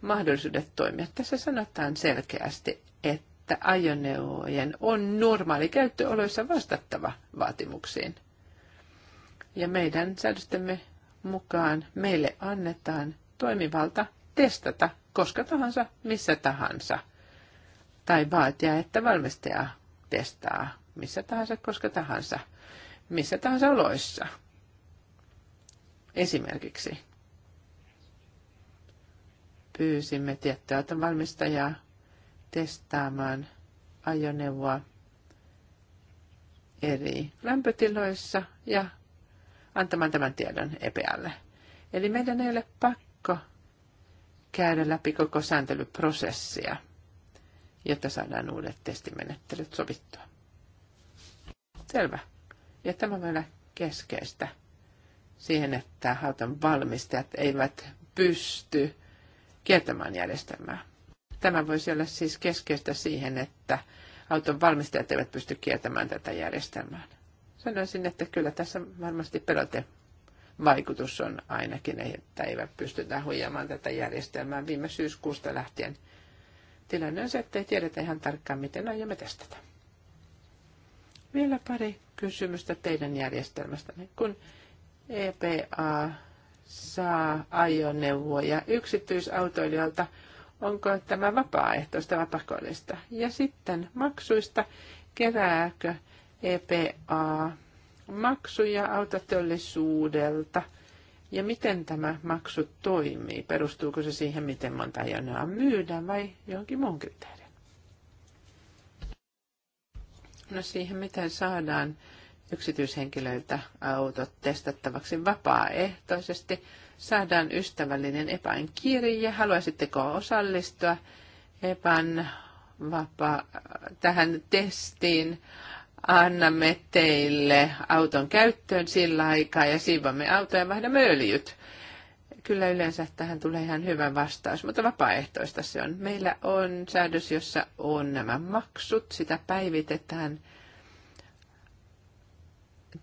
mahdollisuudet toimia. Tässä sanotaan selkeästi, että ajoneuvojen on normaali käyttöoloissa vastattava vaatimuksiin. Ja meidän säädöstämme mukaan meille annetaan toimivalta testata koska tahansa, missä tahansa. Tai vaatia, että valmistaja testaa missä tahansa, koska tahansa, missä tahansa oloissa. Esimerkiksi pyysimme tiettyä valmistajaa testaamaan ajoneuvoa eri lämpötiloissa ja antamaan tämän tiedon EPAlle. Eli meidän ei ole pakko käydä läpi koko sääntelyprosessia, jotta saadaan uudet testimenettelyt sovittua. Selvä. Ja tämä on vielä keskeistä siihen, että hautan valmistajat eivät pysty kiertämään järjestelmää. Tämä voisi olla siis keskeistä siihen, että auton valmistajat eivät pysty kiertämään tätä järjestelmää. Sanoisin, että kyllä tässä varmasti pelote vaikutus on ainakin, että eivät pystytä huijamaan tätä järjestelmää viime syyskuusta lähtien. Tilanne on se, että ei tiedetä ihan tarkkaan, miten aiomme testata. Vielä pari kysymystä teidän järjestelmästä, Kun EPA saa ajoneuvoja yksityisautoilijalta, onko tämä vapaaehtoista vapakollista? Ja sitten maksuista, kerääkö EPA-maksuja autoteollisuudelta ja miten tämä maksu toimii? Perustuuko se siihen, miten monta ajoneuvoa myydään vai johonkin muun kriteerin? No siihen, miten saadaan yksityishenkilöiltä autot testattavaksi vapaaehtoisesti. Saadaan ystävällinen EPAN kirje. Haluaisitteko osallistua EPAN vapaa- tähän testiin annamme teille auton käyttöön sillä aikaa ja siivomme auto ja vaihdamme öljyt. Kyllä yleensä tähän tulee ihan hyvä vastaus, mutta vapaaehtoista se on. Meillä on säädös, jossa on nämä maksut, sitä päivitetään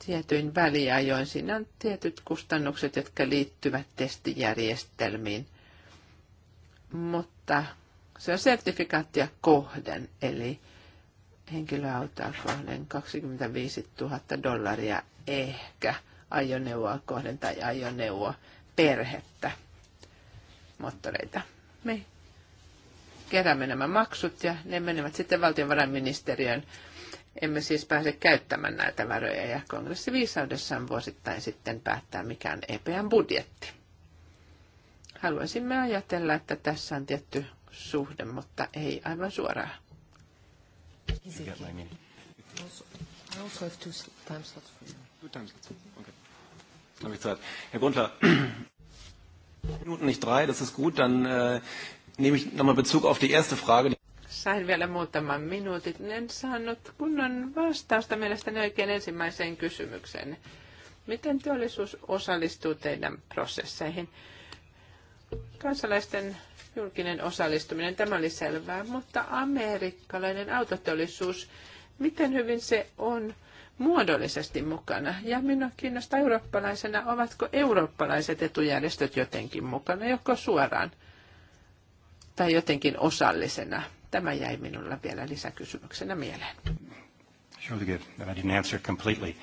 tietyin väliajoin. Siinä on tietyt kustannukset, jotka liittyvät testijärjestelmiin. Mutta se on sertifikaattia kohden, eli – henkilöautoa kohden 25 000 dollaria ehkä ajoneuvoa kohden tai ajoneuvoa perhettä moottoreita. Me keräämme nämä maksut ja ne menevät sitten valtiovarainministeriön. Emme siis pääse käyttämään näitä varoja ja kongressi viisaudessaan vuosittain sitten päättää mikään EPN budjetti. Haluaisimme ajatella, että tässä on tietty suhde, mutta ei aivan suoraan. Habe ich Zeit. Herr Grundler, Minuten nicht drei, das ist gut. Dann äh, nehme ich nochmal Bezug auf die erste Frage. Sain vielä muutaman minuutin. En saanut kunnon vastausta mielestäni oikein ensimmäiseen kysymykseen. Miten teollisuus osallistuu teidän prosesseihin? Kansalaisten julkinen osallistuminen, tämä oli selvää, mutta amerikkalainen autoteollisuus, miten hyvin se on muodollisesti mukana? Ja minua kiinnostaa eurooppalaisena, ovatko eurooppalaiset etujärjestöt jotenkin mukana, joko suoraan tai jotenkin osallisena? Tämä jäi minulla vielä lisäkysymyksenä mieleen. Sure, I didn't answer completely.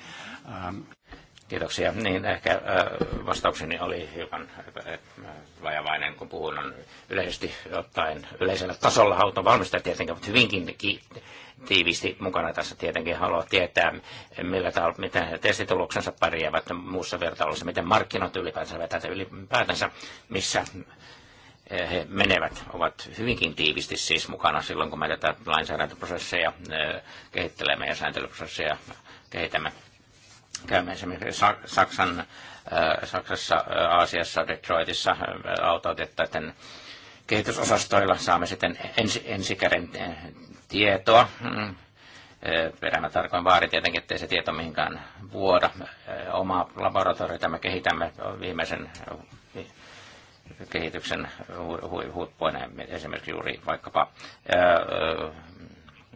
Um... Kiitoksia. Niin, ehkä äh, vastaukseni oli hiukan äh, vajavainen, kun puhun yleisesti ottaen yleisellä tasolla. Auton valmistaja tietenkin, mutta hyvinkin tiiviisti mukana tässä tietenkin haluaa tietää, millä ta- miten testituloksensa pärjäävät muussa vertailussa, miten markkinat ylipäätänsä vetävät ylipäätänsä, missä äh, he menevät, ovat hyvinkin tiivisti siis mukana silloin, kun me tätä lainsäädäntöprosesseja kehittelemme ja sääntelyprosesseja kehitämme käymme esimerkiksi Saksan, äh, Saksassa, äh, Aasiassa, Detroitissa äh, autotettaiden kehitysosastoilla. Saamme sitten ensi, ensikäden tietoa. Mm. Pidämme tarkoin vaari tietenkin, ettei se tieto mihinkään vuoda. Oma laboratoriota me kehitämme viimeisen kehityksen huippuina, esimerkiksi juuri vaikkapa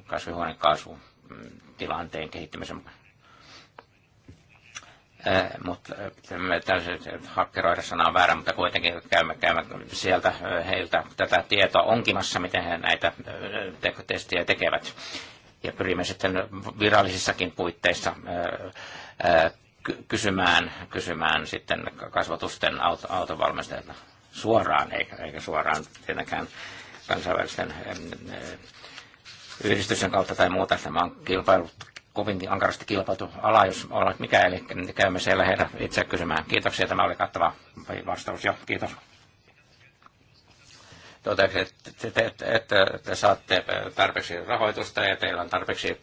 kasvihuonekaasu mm, tilanteen Eh, mutta eh, täysin hakkeroida sanaa väärä, mutta kuitenkin käymme, käymme sieltä eh, heiltä tätä tietoa onkimassa, miten he näitä testejä tekevät. Ja pyrimme sitten virallisissakin puitteissa kysymään, kysymään sitten kasvatusten auto, autovalmistajilta suoraan, eikä, eikä suoraan tietenkään kansainvälisten yhdistysten kautta tai muuta. Tämä on Kovin ankarasti kilpailtu ala, jos olet mikä, eli käymme siellä heitä itse kysymään. Kiitoksia, tämä oli kattava vastaus jo, kiitos. Totesin, että, että, saatte tarpeeksi rahoitusta ja teillä on tarpeeksi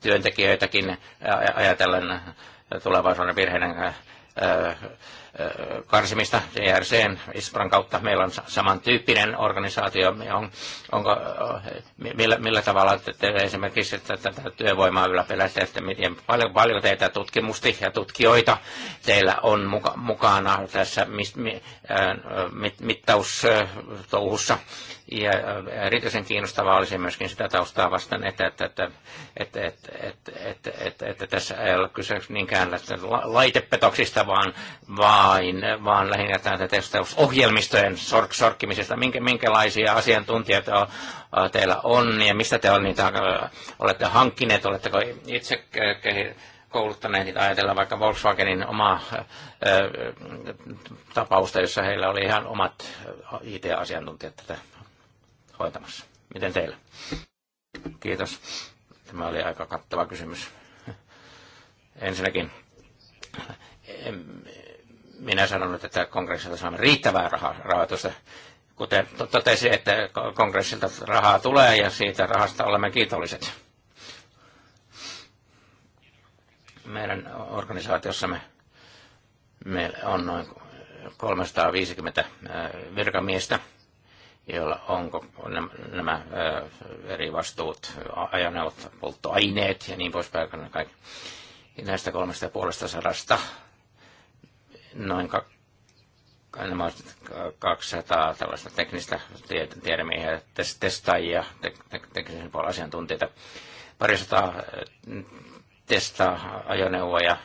työntekijöitäkin ajatellen tulevaisuuden virheiden karsimista JRCn e ISPRAn kautta. Meillä on samantyyppinen organisaatio. On, onko, millä, millä tavalla te, te esimerkiksi tätä työvoimaa ylläpidätte, että miten paljon, paljon teitä tutkimusti ja tutkijoita teillä on muka, mukana tässä mit, mi, mit, mittaustouhussa ja äh, erityisen kiinnostavaa olisi myöskin sitä taustaa vasten, että, että, että, että, että, että, että, että, että tässä ei ole kyse niinkään laitepetoksista, vaan, vain, vaan lähinnä tätä testausohjelmistojen sork, sorkkimisesta. Minkä, minkälaisia asiantuntijoita on, äh, teillä on ja mistä te on niitä, äh, olette hankkineet, oletteko itse kouluttaneet niitä ajatella vaikka Volkswagenin omaa tapausta, jossa heillä oli ihan omat IT-asiantuntijat tätä hoitamassa. Miten teillä? Kiitos. Tämä oli aika kattava kysymys. Ensinnäkin minä sanonut, että kongressilta saamme riittävää rahaa, rahoitusta. Kuten totesin, että kongressilta rahaa tulee ja siitä rahasta olemme kiitolliset. Meidän organisaatiossamme meillä on noin 350 virkamiestä – jolla onko nämä eri vastuut, ajoneuvot, polttoaineet ja niin poispäin. Kaikki. Näistä kolmesta ja puolesta sadasta noin ka, nämä ovat 200 tällaista teknistä tiedemiehiä, testaajia, teknisen puolen asiantuntijoita, parisataa testaa ajoneuvoja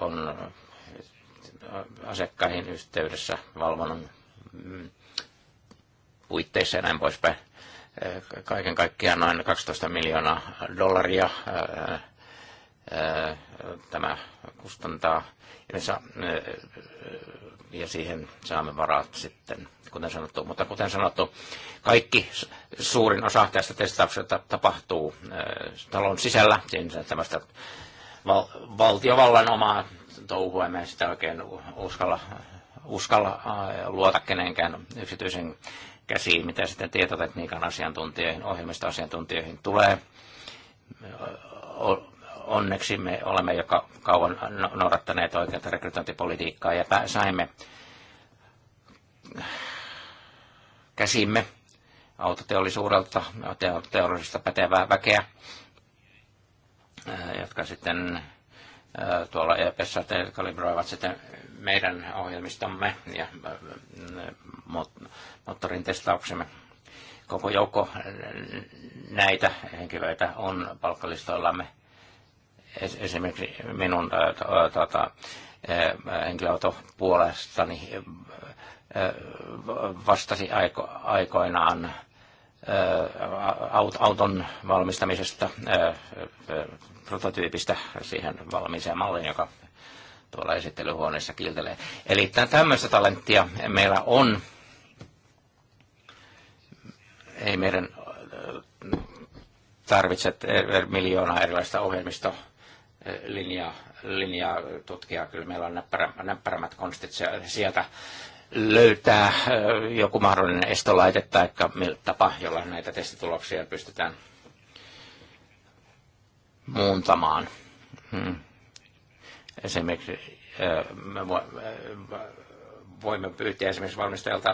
on asiakkaihin yhteydessä valvonnan mm, puitteissa ja näin poispäin. Kaiken kaikkiaan noin 12 miljoonaa dollaria tämä kustantaa. Ja siihen saamme varat sitten, kuten sanottu. Mutta kuten sanottu, kaikki suurin osa tästä testauksesta tapahtuu talon sisällä. Siinä tämmöistä val- valtiovallan omaa touhua, emme sitä oikein uskalla, uskalla luota kenenkään yksityisen käsiin, mitä sitten tietotekniikan asiantuntijoihin, ohjelmistoasiantuntijoihin tulee. Onneksi me olemme jo kauan no, noudattaneet oikeaa rekrytointipolitiikkaa ja saimme käsimme autoteollisuudelta, teollisesta pätevää väkeä, jotka sitten tuolla EPssä kalibroivat sitten meidän ohjelmistomme ja moottorin testauksemme. Koko joukko näitä henkilöitä on palkkalistoillamme. Esimerkiksi minun tuota, henkilöauto puolestani vastasi aikoinaan auton valmistamisesta, prototyypistä siihen valmiiseen malliin, joka tuolla esittelyhuoneessa kiltelee. Eli tämmöistä talenttia meillä on. Ei meidän äh, tarvitse er- er- miljoonaa erilaista ohjelmistolinjaa äh, linjaa tutkia. Kyllä meillä on näppärä, näppärämmät konstit sieltä löytää äh, joku mahdollinen estolaite tai tapa, jolla näitä testituloksia pystytään muuntamaan. Hmm. Esimerkiksi me voimme pyytää esimerkiksi valmistajalta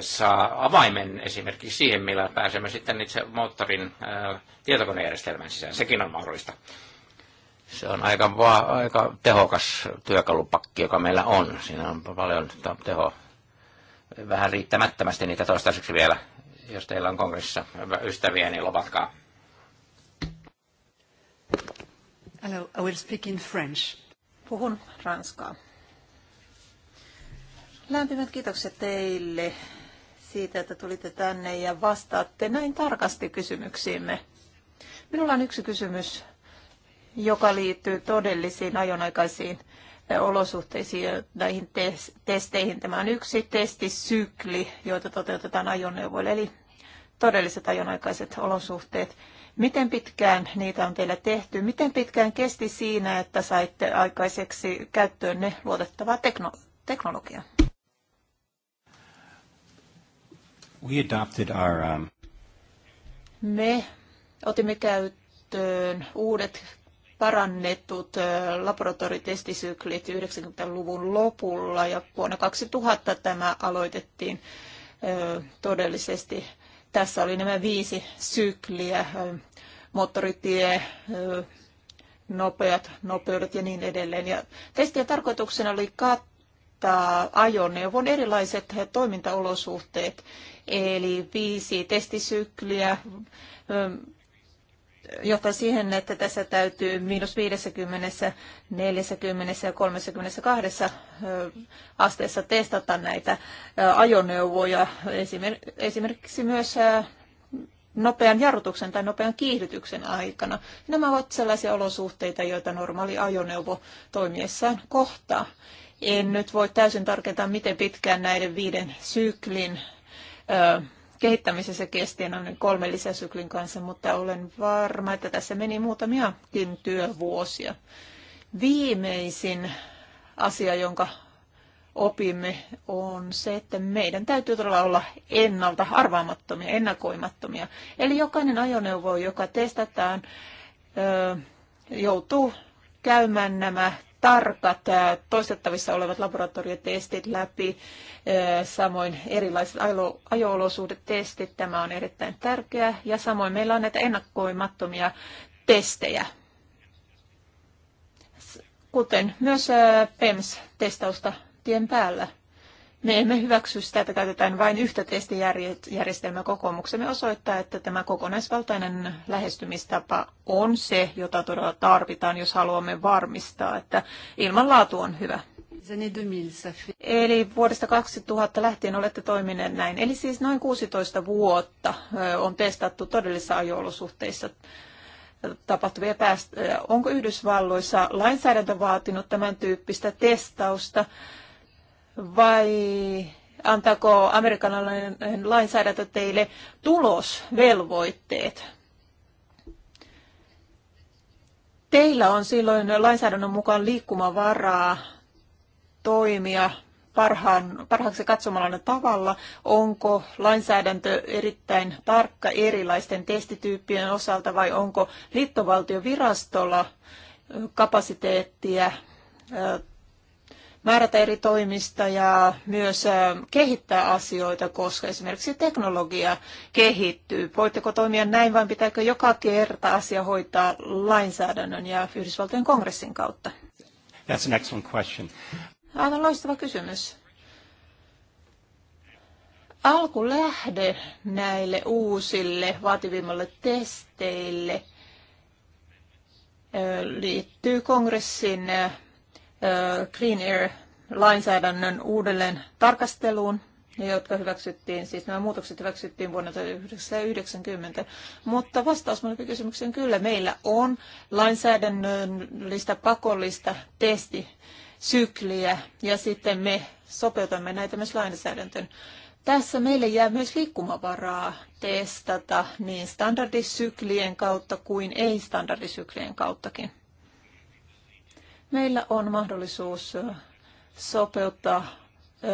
saa avaimen esimerkiksi siihen, millä pääsemme sitten itse moottorin tietokonejärjestelmän sisään. Sekin on mahdollista. Se on aika, va- aika tehokas työkalupakki, joka meillä on. Siinä on paljon tehoa. Vähän riittämättömästi niitä toistaiseksi vielä. Jos teillä on kongressissa ystäviä, niin lopatkaa. Hello, I will speak in French. Puhun ranskaa. Lämpimät kiitokset teille siitä, että tulitte tänne ja vastaatte näin tarkasti kysymyksiimme. Minulla on yksi kysymys, joka liittyy todellisiin ajonaikaisiin olosuhteisiin näihin testeihin. Tämä on yksi testisykli, joita toteutetaan ajoneuvoille, eli todelliset ajonaikaiset olosuhteet. Miten pitkään niitä on teillä tehty? Miten pitkään kesti siinä, että saitte aikaiseksi käyttöön ne luotettavaa tekno- teknologiaa? We adopted our, um... Me otimme käyttöön uudet parannetut laboratoritestisyklit 90-luvun lopulla ja vuonna 2000 tämä aloitettiin todellisesti tässä oli nämä viisi sykliä, moottoritie, nopeat nopeudet ja niin edelleen. Ja testien tarkoituksena oli kattaa ajoneuvon erilaiset toimintaolosuhteet, eli viisi testisykliä, johtaa siihen, että tässä täytyy miinus 50, 40 ja 32 asteessa testata näitä ajoneuvoja, esimerkiksi myös nopean jarrutuksen tai nopean kiihdytyksen aikana. Nämä ovat sellaisia olosuhteita, joita normaali ajoneuvo toimiessaan kohtaa. En nyt voi täysin tarkentaa, miten pitkään näiden viiden syklin kehittämisessä kesti noin kolme lisäsyklin kanssa, mutta olen varma, että tässä meni muutamiakin työvuosia. Viimeisin asia, jonka opimme, on se, että meidän täytyy todella olla ennalta arvaamattomia, ennakoimattomia. Eli jokainen ajoneuvo, joka testataan, joutuu käymään nämä tarkat toistettavissa olevat laboratoriotestit läpi, samoin erilaiset ajo-olosuhdetestit, tämä on erittäin tärkeää, ja samoin meillä on näitä ennakkoimattomia testejä, kuten myös PEMS-testausta tien päällä. Me emme hyväksy sitä, että käytetään vain yhtä testijärjestelmää. Kokoomuksemme osoittaa, että tämä kokonaisvaltainen lähestymistapa on se, jota todella tarvitaan, jos haluamme varmistaa, että ilmanlaatu on hyvä. Eli vuodesta 2000 lähtien olette toimineet näin. Eli siis noin 16 vuotta on testattu todellisissa ajo-olosuhteissa tapahtuvia päästöjä. Onko Yhdysvalloissa lainsäädäntö vaatinut tämän tyyppistä testausta? vai antaako amerikkalainen lainsäädäntö teille tulosvelvoitteet? Teillä on silloin lainsäädännön mukaan liikkumavaraa toimia parhaan, parhaaksi katsomalla tavalla? Onko lainsäädäntö erittäin tarkka erilaisten testityyppien osalta vai onko liittovaltiovirastolla kapasiteettia määrätä eri toimista ja myös kehittää asioita, koska esimerkiksi teknologia kehittyy. Voitteko toimia näin vai pitääkö joka kerta asia hoitaa lainsäädännön ja Yhdysvaltojen kongressin kautta? That's an excellent question. Aivan loistava kysymys Alku lähde näille uusille vaativimmalle testeille liittyy kongressin Clean Air-lainsäädännön uudelleen tarkasteluun, jotka hyväksyttiin, siis nämä muutokset hyväksyttiin vuonna 1990. Mutta vastaus kysymykseen kyllä meillä on lainsäädännöllistä pakollista testisykliä ja sitten me sopeutamme näitä myös lainsäädäntöön. Tässä meille jää myös liikkumavaraa testata niin standardisyklien kautta kuin ei-standardisyklien kauttakin meillä on mahdollisuus sopeuttaa,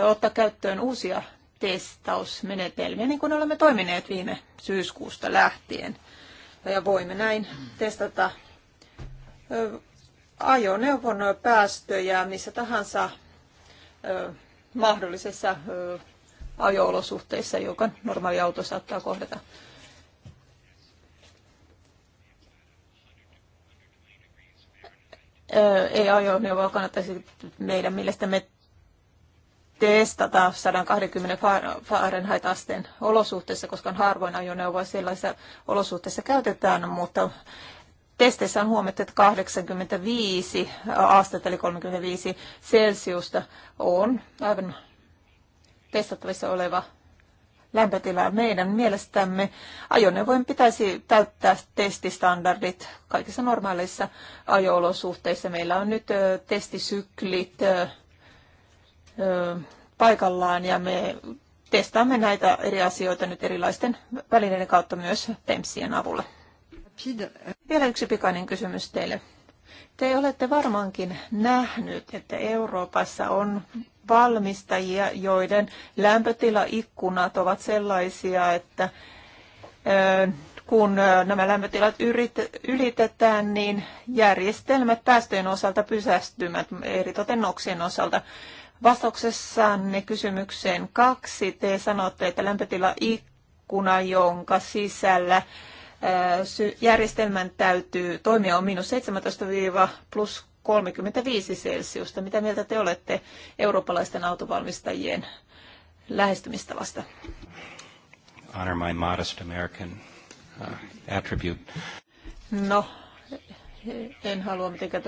ottaa käyttöön uusia testausmenetelmiä, niin kuin olemme toimineet viime syyskuusta lähtien. Ja voimme näin testata ajoneuvon päästöjä missä tahansa mahdollisessa ajoolosuhteessa joka normaali auto saattaa kohdata. ei ajoneuvoa kannattaisi meidän mielestämme testata 120 Fahrenheit-asteen olosuhteissa, koska harvoin ajoneuvoa sellaisessa olosuhteissa käytetään, mutta testeissä on huomattu, että 85 astetta eli 35 celsiusta on aivan testattavissa oleva lämpötilaa. Meidän mielestämme ajoneuvojen pitäisi täyttää testistandardit kaikissa normaaleissa ajoolosuhteissa. Meillä on nyt testisyklit paikallaan ja me testaamme näitä eri asioita nyt erilaisten välineiden kautta myös TEMSien avulla. Vielä yksi pikainen kysymys teille. Te olette varmaankin nähnyt, että Euroopassa on valmistajia, joiden lämpötilaikkunat ovat sellaisia, että kun nämä lämpötilat ylitetään, niin järjestelmät päästöjen osalta pysästymät, eritoten noksien osalta. Vastauksessanne kysymykseen kaksi te sanotte, että lämpötilaikkuna, jonka sisällä järjestelmän täytyy toimia on miinus 17 plus 35 celsiusta. Mitä mieltä te olette eurooppalaisten autovalmistajien lähestymistavasta? Honor my modest American uh, attribute. No, en halua mitenkään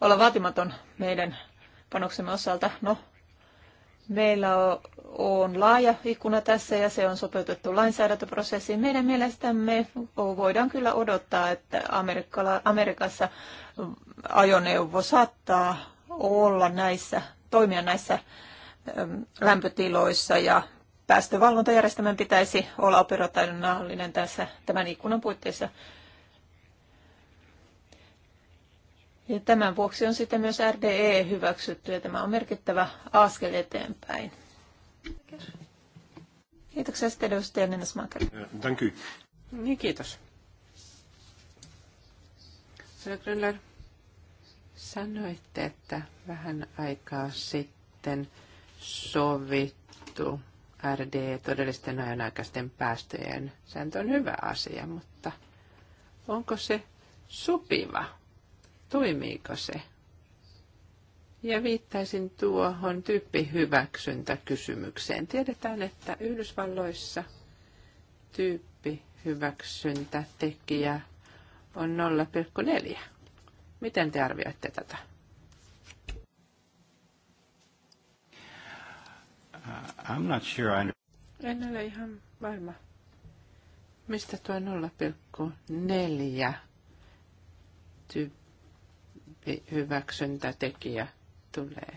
olla vaatimaton meidän panoksemme osalta. No, Meillä on laaja ikkuna tässä ja se on sopeutettu lainsäädäntöprosessiin. Meidän mielestämme voidaan kyllä odottaa, että Amerikassa ajoneuvo saattaa olla näissä, toimia näissä lämpötiloissa ja päästövalvontajärjestelmän pitäisi olla operatiivinen tässä tämän ikkunan puitteissa Ja tämän vuoksi on sitten myös RDE hyväksytty ja tämä on merkittävä askel eteenpäin. Kiitoksia sitten edustaja Nenäsmaker. Thank you. Niin, kiitos. Grönler, sanoitte, että vähän aikaa sitten sovittu RD e todellisten ajanaikaisten päästöjen sääntö on hyvä asia, mutta onko se sopiva Toimiiko se? Ja viittaisin tuohon tyyppihyväksyntäkysymykseen. Tiedetään, että Yhdysvalloissa tyyppihyväksyntätekijä on 0,4. Miten te arvioitte tätä? Uh, I'm not sure I... En ole ihan varma, mistä tuo 0,4 tyyppi ylempi hyväksyntätekijä tulee?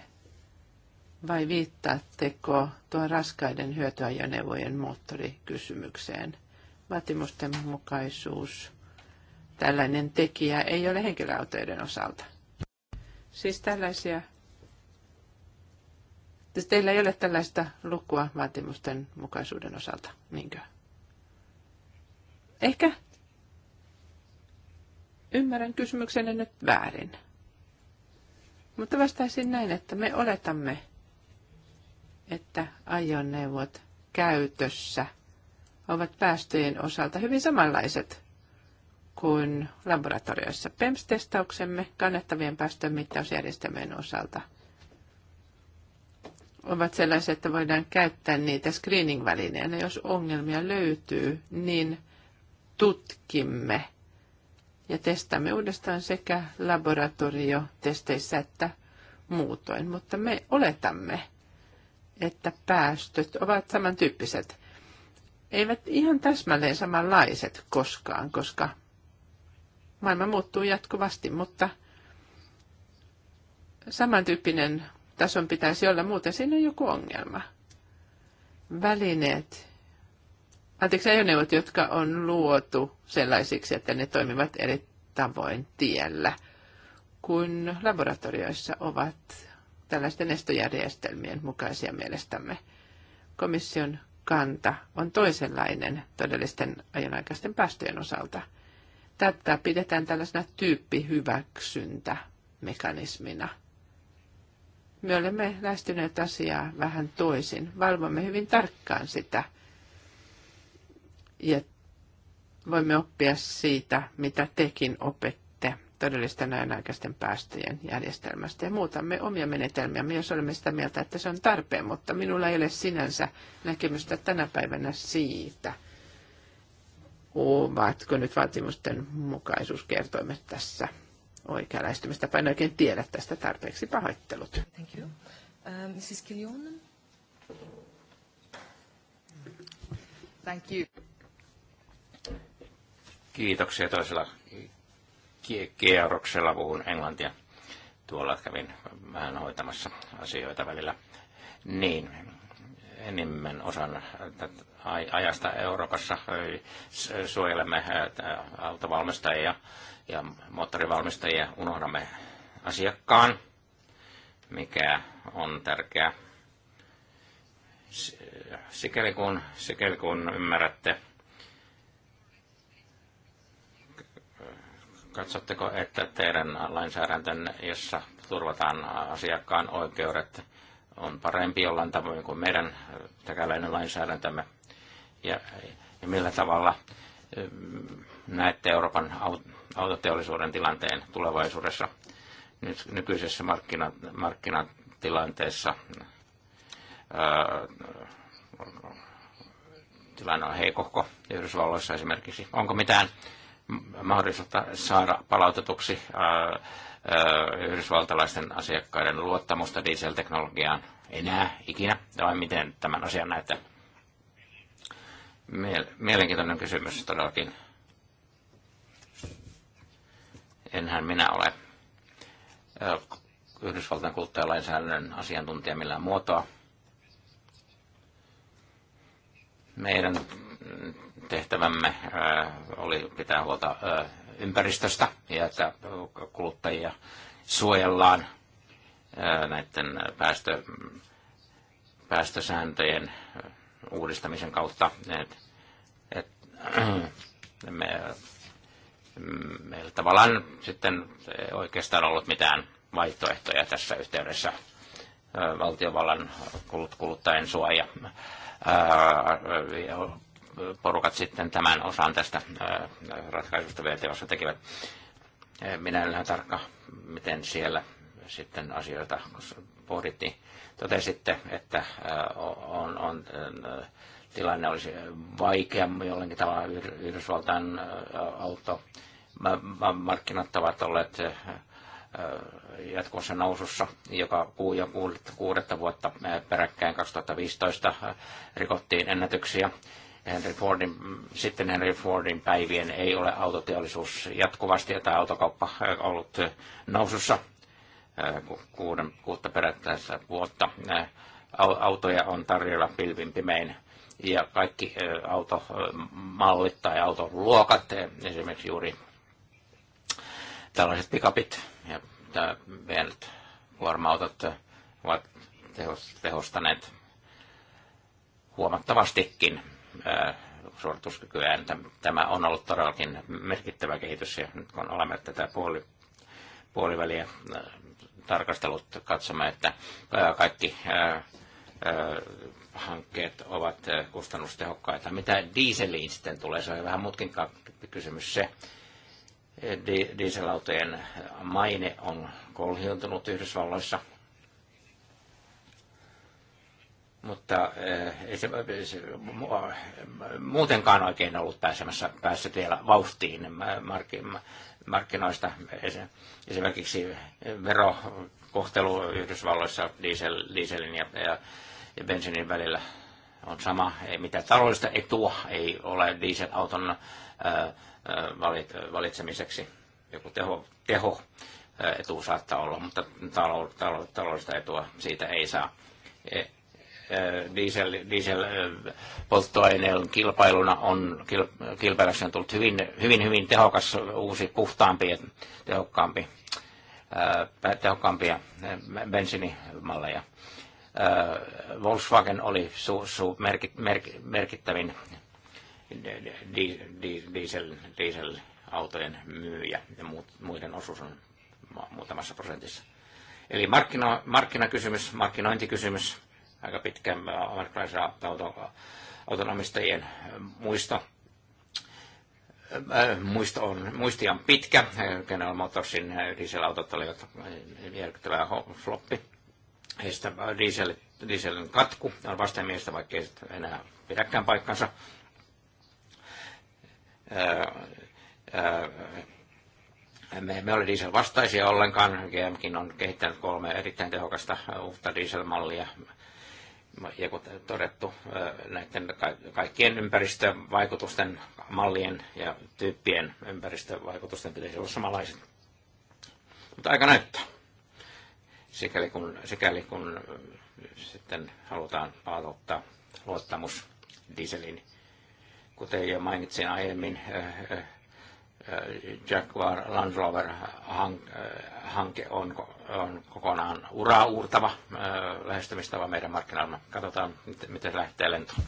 Vai viittaatteko tuon raskaiden hyötyajoneuvojen moottorikysymykseen? Vaatimusten mukaisuus. Tällainen tekijä ei ole henkilöautojen osalta. Siis tällaisia siis teillä ei ole tällaista lukua vaatimusten mukaisuuden osalta, niinkö? Ehkä ymmärrän kysymyksenne nyt väärin. Mutta vastaisin näin, että me oletamme, että ajoneuvot käytössä ovat päästöjen osalta hyvin samanlaiset kuin laboratorioissa PEMS-testauksemme kannettavien päästöjen mittausjärjestelmien osalta ovat sellaisia, että voidaan käyttää niitä screening-välineenä. Jos ongelmia löytyy, niin tutkimme – ja testaamme uudestaan sekä laboratoriotesteissä että muutoin. Mutta me oletamme, että päästöt ovat samantyyppiset. Eivät ihan täsmälleen samanlaiset koskaan, koska maailma muuttuu jatkuvasti, mutta samantyyppinen tason pitäisi olla, muuten siinä on joku ongelma. Välineet, anteeksi, ajoneuvot, jotka on luotu sellaisiksi, että ne toimivat eri tavoin tiellä, kun laboratorioissa ovat tällaisten estojärjestelmien mukaisia mielestämme. Komission kanta on toisenlainen todellisten ajonaikaisten päästöjen osalta. Tätä pidetään tällaisena tyyppihyväksyntämekanismina. Me olemme lähestyneet asiaa vähän toisin. Valvomme hyvin tarkkaan sitä – ja voimme oppia siitä, mitä tekin opette todellisten ajanaikaisten päästöjen järjestelmästä ja muutamme omia menetelmiämme, jos olemme sitä mieltä, että se on tarpeen, mutta minulla ei ole sinänsä näkemystä tänä päivänä siitä, ovatko nyt vaatimusten kertoimme tässä oikea lähestymistapa. En oikein tiedä tästä tarpeeksi pahoittelut. Thank you. Uh, Mrs. Kiljonen. Thank you. Kiitoksia toisella kierroksella puhun englantia. Tuolla kävin vähän hoitamassa asioita välillä. Niin, enimmän osan ajasta Euroopassa suojelemme autovalmistajia ja moottorivalmistajia, unohdamme asiakkaan, mikä on tärkeää. Sikäli kun, sikäli kun ymmärrätte, Katsotteko, että teidän lainsäädäntön, jossa turvataan asiakkaan oikeudet, on parempi jollain tavoin kuin meidän tekäläinen lainsäädäntömme? Ja, ja millä tavalla mm, näette Euroopan autoteollisuuden tilanteen tulevaisuudessa nyt, nykyisessä markkina, markkinatilanteessa? Ää, tilanne on heikohko Yhdysvalloissa esimerkiksi. Onko mitään mahdollisuutta saada palautetuksi äh, äh, yhdysvaltalaisten asiakkaiden luottamusta dieselteknologiaan enää ikinä, vai miten tämän asian näette? Mielenkiintoinen kysymys todellakin. Enhän minä ole äh, Yhdysvaltain kuluttajalainsäädännön asiantuntija millään muotoa. Meidän tehtävämme äh, oli pitää huolta äh, ympäristöstä ja että kuluttajia suojellaan äh, näiden päästö, päästösääntöjen uudistamisen kautta. Et, et, me, meillä tavallaan sitten ei oikeastaan ollut mitään vaihtoehtoja tässä yhteydessä valtiovallan kuluttajien suoja porukat sitten tämän osan tästä ratkaisusta VTOssa tekevät. Minä en ole tarkka, miten siellä sitten asioita pohdittiin. Totesitte, että on, on, tilanne olisi vaikea jollakin tavalla Yhdysvaltain auto markkinat ovat olleet jatkuvassa nousussa, joka kuu ja kuudetta vuotta peräkkäin 2015 rikottiin ennätyksiä. Henry Fordin, sitten Henry Fordin päivien ei ole autoteollisuus jatkuvasti tämä autokauppa ollut nousussa äh, kuuden, kuutta perättäessä vuotta. Äh, autoja on tarjolla pilvin pimein ja kaikki äh, automallit tai autoluokat, esimerkiksi juuri tällaiset pikapit ja pienet kuorma-autot ovat tehostaneet huomattavastikin suorituskykyään. Tämä on ollut todellakin merkittävä kehitys ja nyt kun olemme tätä puoli, puoliväliä tarkastelut katsomme, että kaikki hankkeet ovat kustannustehokkaita. Mitä dieseliin sitten tulee? Se on vähän mutkin kysymys se. Dieselautojen maine on kolhiuntunut Yhdysvalloissa – mutta eh, ei se, eh, se eh, muutenkaan oikein ollut pääsemässä, päässyt vielä vauhtiin markkinoista. Esimerkiksi verokohtelu Yhdysvalloissa diesel, dieselin ja, ja, ja bensiinin välillä on sama. Ei mitään taloudellista etua ei ole dieselauton ää, valitsemiseksi. Joku teho, teho etu saattaa olla, mutta taloudellista etua siitä ei saa Äh, diesel, äh, kilpailuna on kilpailussa on tullut hyvin, hyvin, hyvin tehokas uusi puhtaampi ja tehokkaampi, äh, tehokkaampia bensiinimalleja. Volkswagen oli su, su, merki, merk, merkittävin di, di, diesel, dieselautojen myyjä ja muut, muiden osuus on muutamassa prosentissa. Eli markkina, markkinakysymys, markkinointikysymys aika pitkään amerikkalaisen auto, autonomistajien muisto. Äh, muisto on, muisti on pitkä. General Motorsin dieselautot olivat järkyttävää floppi. Heistä diesel, dieselin katku on miestä, vaikka ei enää pidäkään paikkansa. Äh, äh, me emme ole dieselvastaisia ollenkaan. GMkin on kehittänyt kolme erittäin tehokasta uutta dieselmallia ja kuten todettu, näiden kaikkien ympäristövaikutusten, mallien ja tyyppien ympäristövaikutusten pitäisi olla samanlaiset. Mutta aika näyttää. Sikäli kun, sikäli kun sitten halutaan palauttaa luottamus dieselin. Kuten jo mainitsin aiemmin, Äh, Jaguar Land Rover-hanke äh, äh, on, on kokonaan uraa uurtava lähestymistava meidän markkinoilla. Katsotaan, miten lähtee lentoon.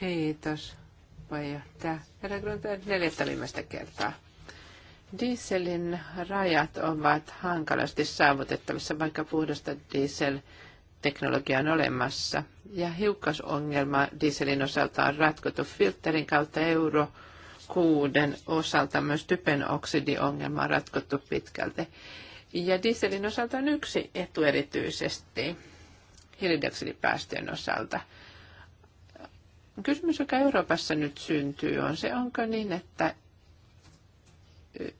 Kiitos, puheenjohtaja. Herra Grundler, neljättä viimeistä kertaa. Dieselin rajat ovat hankalasti saavutettavissa, vaikka puhdasta diesel teknologia on olemassa. Ja hiukkasongelma dieselin osalta on ratkottu filterin kautta euro kuuden osalta myös typen oksidiongelma on ratkottu pitkälti. Ja dieselin osalta on yksi etu erityisesti hiilidioksidipäästöjen osalta. Kysymys, joka Euroopassa nyt syntyy, on se, onko niin, että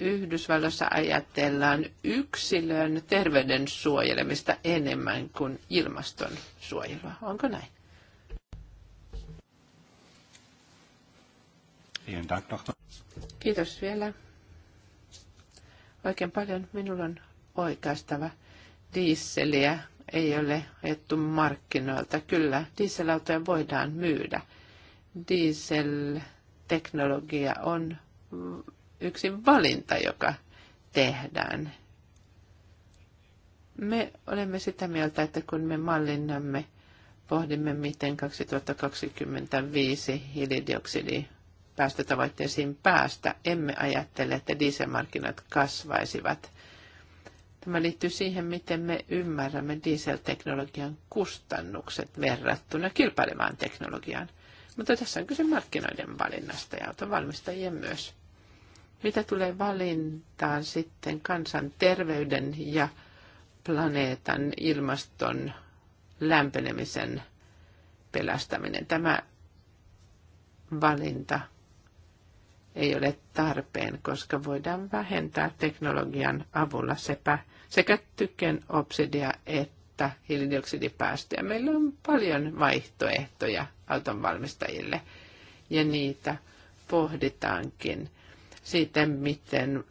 Yhdysvalloissa ajatellaan yksilön terveyden suojelemista enemmän kuin ilmaston suojelua. Onko näin? Kiitos vielä. Oikein paljon minulla on oikeastava dieseliä. ei ole ajettu markkinoilta. Kyllä, dieselautoja voidaan myydä. Dieselteknologia on yksi valinta, joka tehdään. Me olemme sitä mieltä, että kun me mallinnamme, pohdimme, miten 2025 hiilidioksidi päästötavoitteisiin päästä, emme ajattele, että dieselmarkkinat kasvaisivat. Tämä liittyy siihen, miten me ymmärrämme dieselteknologian kustannukset verrattuna kilpailevaan teknologiaan. Mutta tässä on kyse markkinoiden valinnasta ja auton myös. Mitä tulee valintaan sitten kansanterveyden ja planeetan ilmaston lämpenemisen pelastaminen? Tämä valinta ei ole tarpeen, koska voidaan vähentää teknologian avulla sepä, sekä tykenopsidia että hiilidioksidipäästöjä. Meillä on paljon vaihtoehtoja auton valmistajille ja niitä pohditaankin – siitä, miten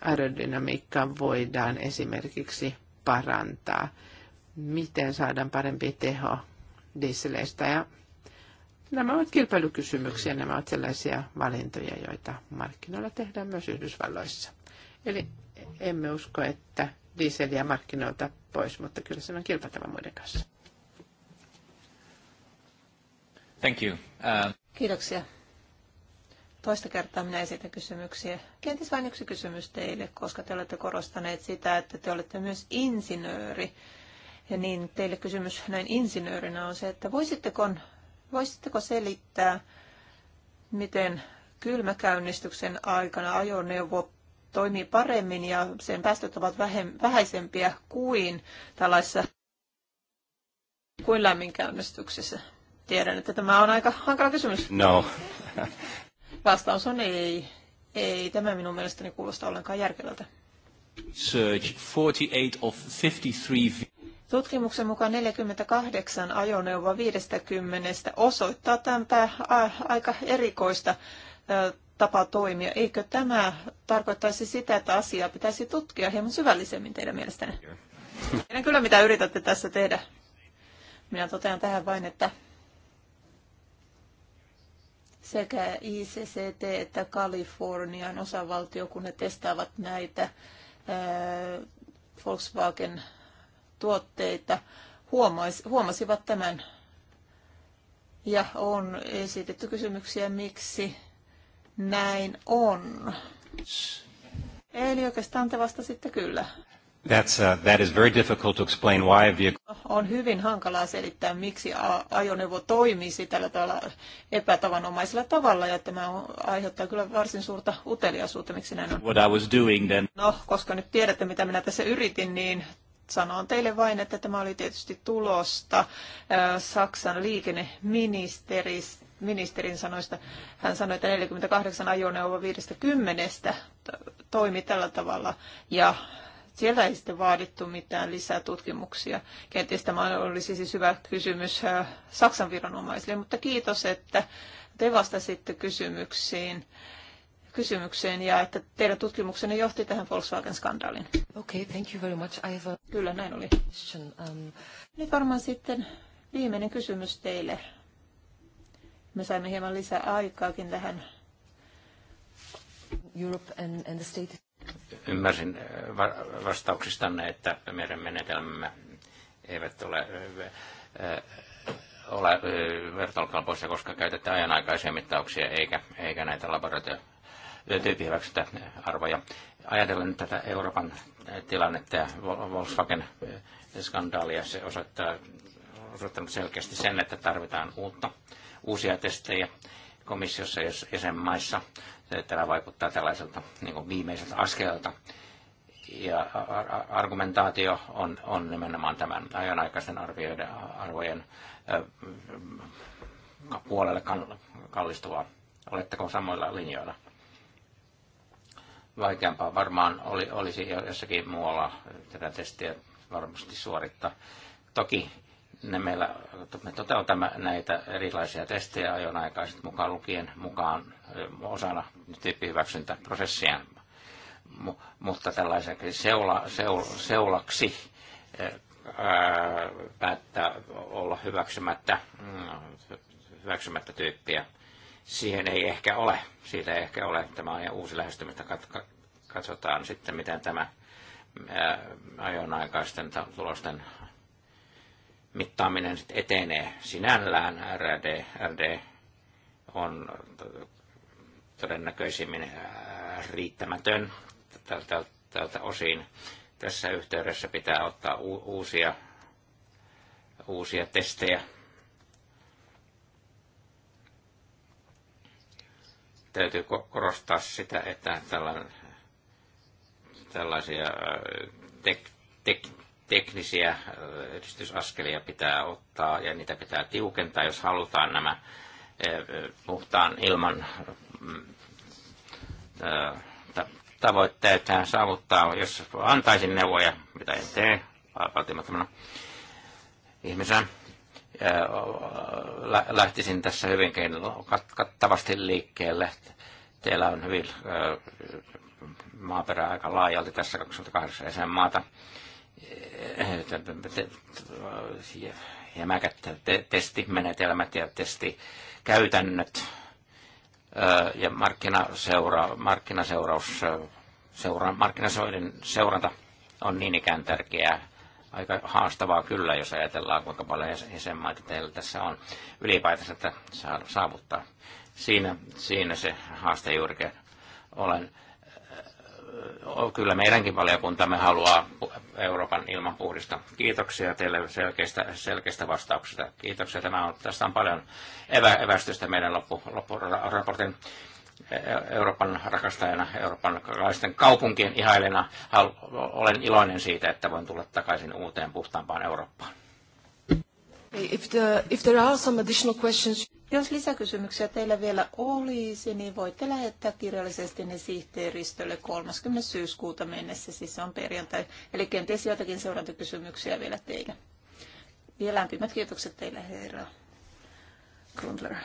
aerodynamiikkaa voidaan esimerkiksi parantaa, miten saadaan parempi teho dieseleistä. Ja nämä ovat kilpailukysymyksiä, nämä ovat sellaisia valintoja, joita markkinoilla tehdään myös Yhdysvalloissa. Eli emme usko, että dieseliä markkinoilta pois, mutta kyllä se on kilpailtava muiden kanssa. Thank you. Uh... Kiitoksia toista kertaa minä esitän kysymyksiä. Kenties vain yksi kysymys teille, koska te olette korostaneet sitä, että te olette myös insinööri. Ja niin teille kysymys näin insinöörinä on se, että voisitteko, voisitteko selittää, miten kylmäkäynnistyksen aikana ajoneuvo toimii paremmin ja sen päästöt ovat vähäisempiä kuin tällaisessa kuin lämminkäynnistyksessä? Tiedän, että tämä on aika hankala kysymys. No, Vastaus on ei. Ei tämä minun mielestäni kuulosta ollenkaan järkevältä. 48 53... Tutkimuksen mukaan 48 ajoneuvoa 50 osoittaa tätä aika erikoista tapa toimia. Eikö tämä tarkoittaisi sitä, että asiaa pitäisi tutkia hieman syvällisemmin teidän mielestänne? Tiedän kyllä, mitä yritätte tässä tehdä. Minä totean tähän vain, että sekä ICCT että Kalifornian osavaltio, kun ne testaavat näitä Volkswagen-tuotteita, huomasivat tämän. Ja on esitetty kysymyksiä, miksi näin on. Eli oikeastaan te vastasitte kyllä. That's, uh, that is very difficult to explain why a vehicle... On hyvin hankalaa selittää, miksi ajoneuvo toimisi tällä tavalla epätavanomaisella tavalla, ja tämä aiheuttaa kyllä varsin suurta uteliaisuutta, miksi näin on. What I was doing then. No, koska nyt tiedätte, mitä minä tässä yritin, niin sanon teille vain, että tämä oli tietysti tulosta äh, Saksan liikenneministeristä ministerin sanoista. Hän sanoi, että 48 ajoneuvoa 50 toimi tällä tavalla ja siellä ei sitten vaadittu mitään lisää tutkimuksia. Kenties tämä olisi siis hyvä kysymys Saksan viranomaisille, mutta kiitos, että te vastasitte kysymyksiin kysymykseen ja että teidän tutkimuksenne johti tähän volkswagen skandaaliin Okay, thank you very much. I have a... Kyllä, näin oli. Um... Nyt varmaan sitten viimeinen kysymys teille. Me saimme hieman lisää aikaakin tähän. Europe and, and the state. Ymmärsin äh, vastauksistanne, että meidän menetelmämme eivät ole, äh, äh, ole vertailukalpoissa, koska käytetään ajanaikaisia mittauksia eikä, eikä näitä laboratorio tyyppihyväksyntä arvoja. Ajatellen tätä Euroopan tilannetta ja Volkswagen-skandaalia, se osoittaa, osoittanut selkeästi sen, että tarvitaan uutta, uusia testejä komissiossa ja jäsenmaissa. Tämä vaikuttaa tällaiselta niin kuin viimeiseltä askelelta. Ja argumentaatio on, on nimenomaan tämän ajanaikaisten arvioiden, arvojen puolelle kallistuvaa. Oletteko samoilla linjoilla? Vaikeampaa varmaan oli, olisi jossakin muualla tätä testiä varmasti suorittaa. Toki ne meillä, me toteutamme näitä erilaisia testejä ajonaikaiset mukaan lukien mukaan osana tyyppihyväksyntäprosessia, mutta tällaisen seula, seula, seulaksi ää, päättää olla hyväksymättä, mm, hyväksymättä tyyppiä. Siihen ei ehkä ole, siitä ei ehkä ole. Tämä on uusi lähestymistä. Katsotaan sitten, miten tämä ajonaikaisten tulosten mittaaminen etenee. Sinällään RD, RD on todennäköisimmin äh, riittämätön tältä, tältä osin. Tässä yhteydessä pitää ottaa uusia, uusia testejä. Täytyy korostaa sitä, että tällaisia äh, tek, tek, teknisiä äh, edistysaskelia pitää ottaa ja niitä pitää tiukentaa, jos halutaan nämä äh, puhtaan ilman mm, äh, tavoitteet saavuttaa. Jos antaisin neuvoja, mitä en tee, valtimattomana ihmisenä, lähtisin tässä hyvinkin kattavasti liikkeelle. Teillä on hyvin maaperä aika laajalti tässä 28 maata jämäkät testimenetelmät ja testikäytännöt ja markkinaseura, markkinaseuraus, seura, markkinasoiden seuranta on niin ikään tärkeää. Aika haastavaa kyllä, jos ajatellaan, kuinka paljon jäsenmaita teillä tässä on ylipäätänsä että saavuttaa. Siinä, siinä se haaste juurikin olen kyllä meidänkin valiokuntamme haluaa Euroopan ilman puhdista. Kiitoksia teille selkeistä, selkeistä vastauksista. Kiitoksia. Tämä on, tästä on paljon evä, evästystä meidän loppu, loppuraportin Euroopan rakastajana, Euroopan kaisten kaupunkien ihailena. Olen iloinen siitä, että voin tulla takaisin uuteen puhtaampaan Eurooppaan. If, there are some additional questions... Jos lisäkysymyksiä teillä vielä olisi, niin voitte lähettää kirjallisesti ne sihteeristölle 30. syyskuuta mennessä, siis se on perjantai. Eli kenties joitakin seurantakysymyksiä vielä teille. Vielä lämpimät kiitokset teille, herra Grundler.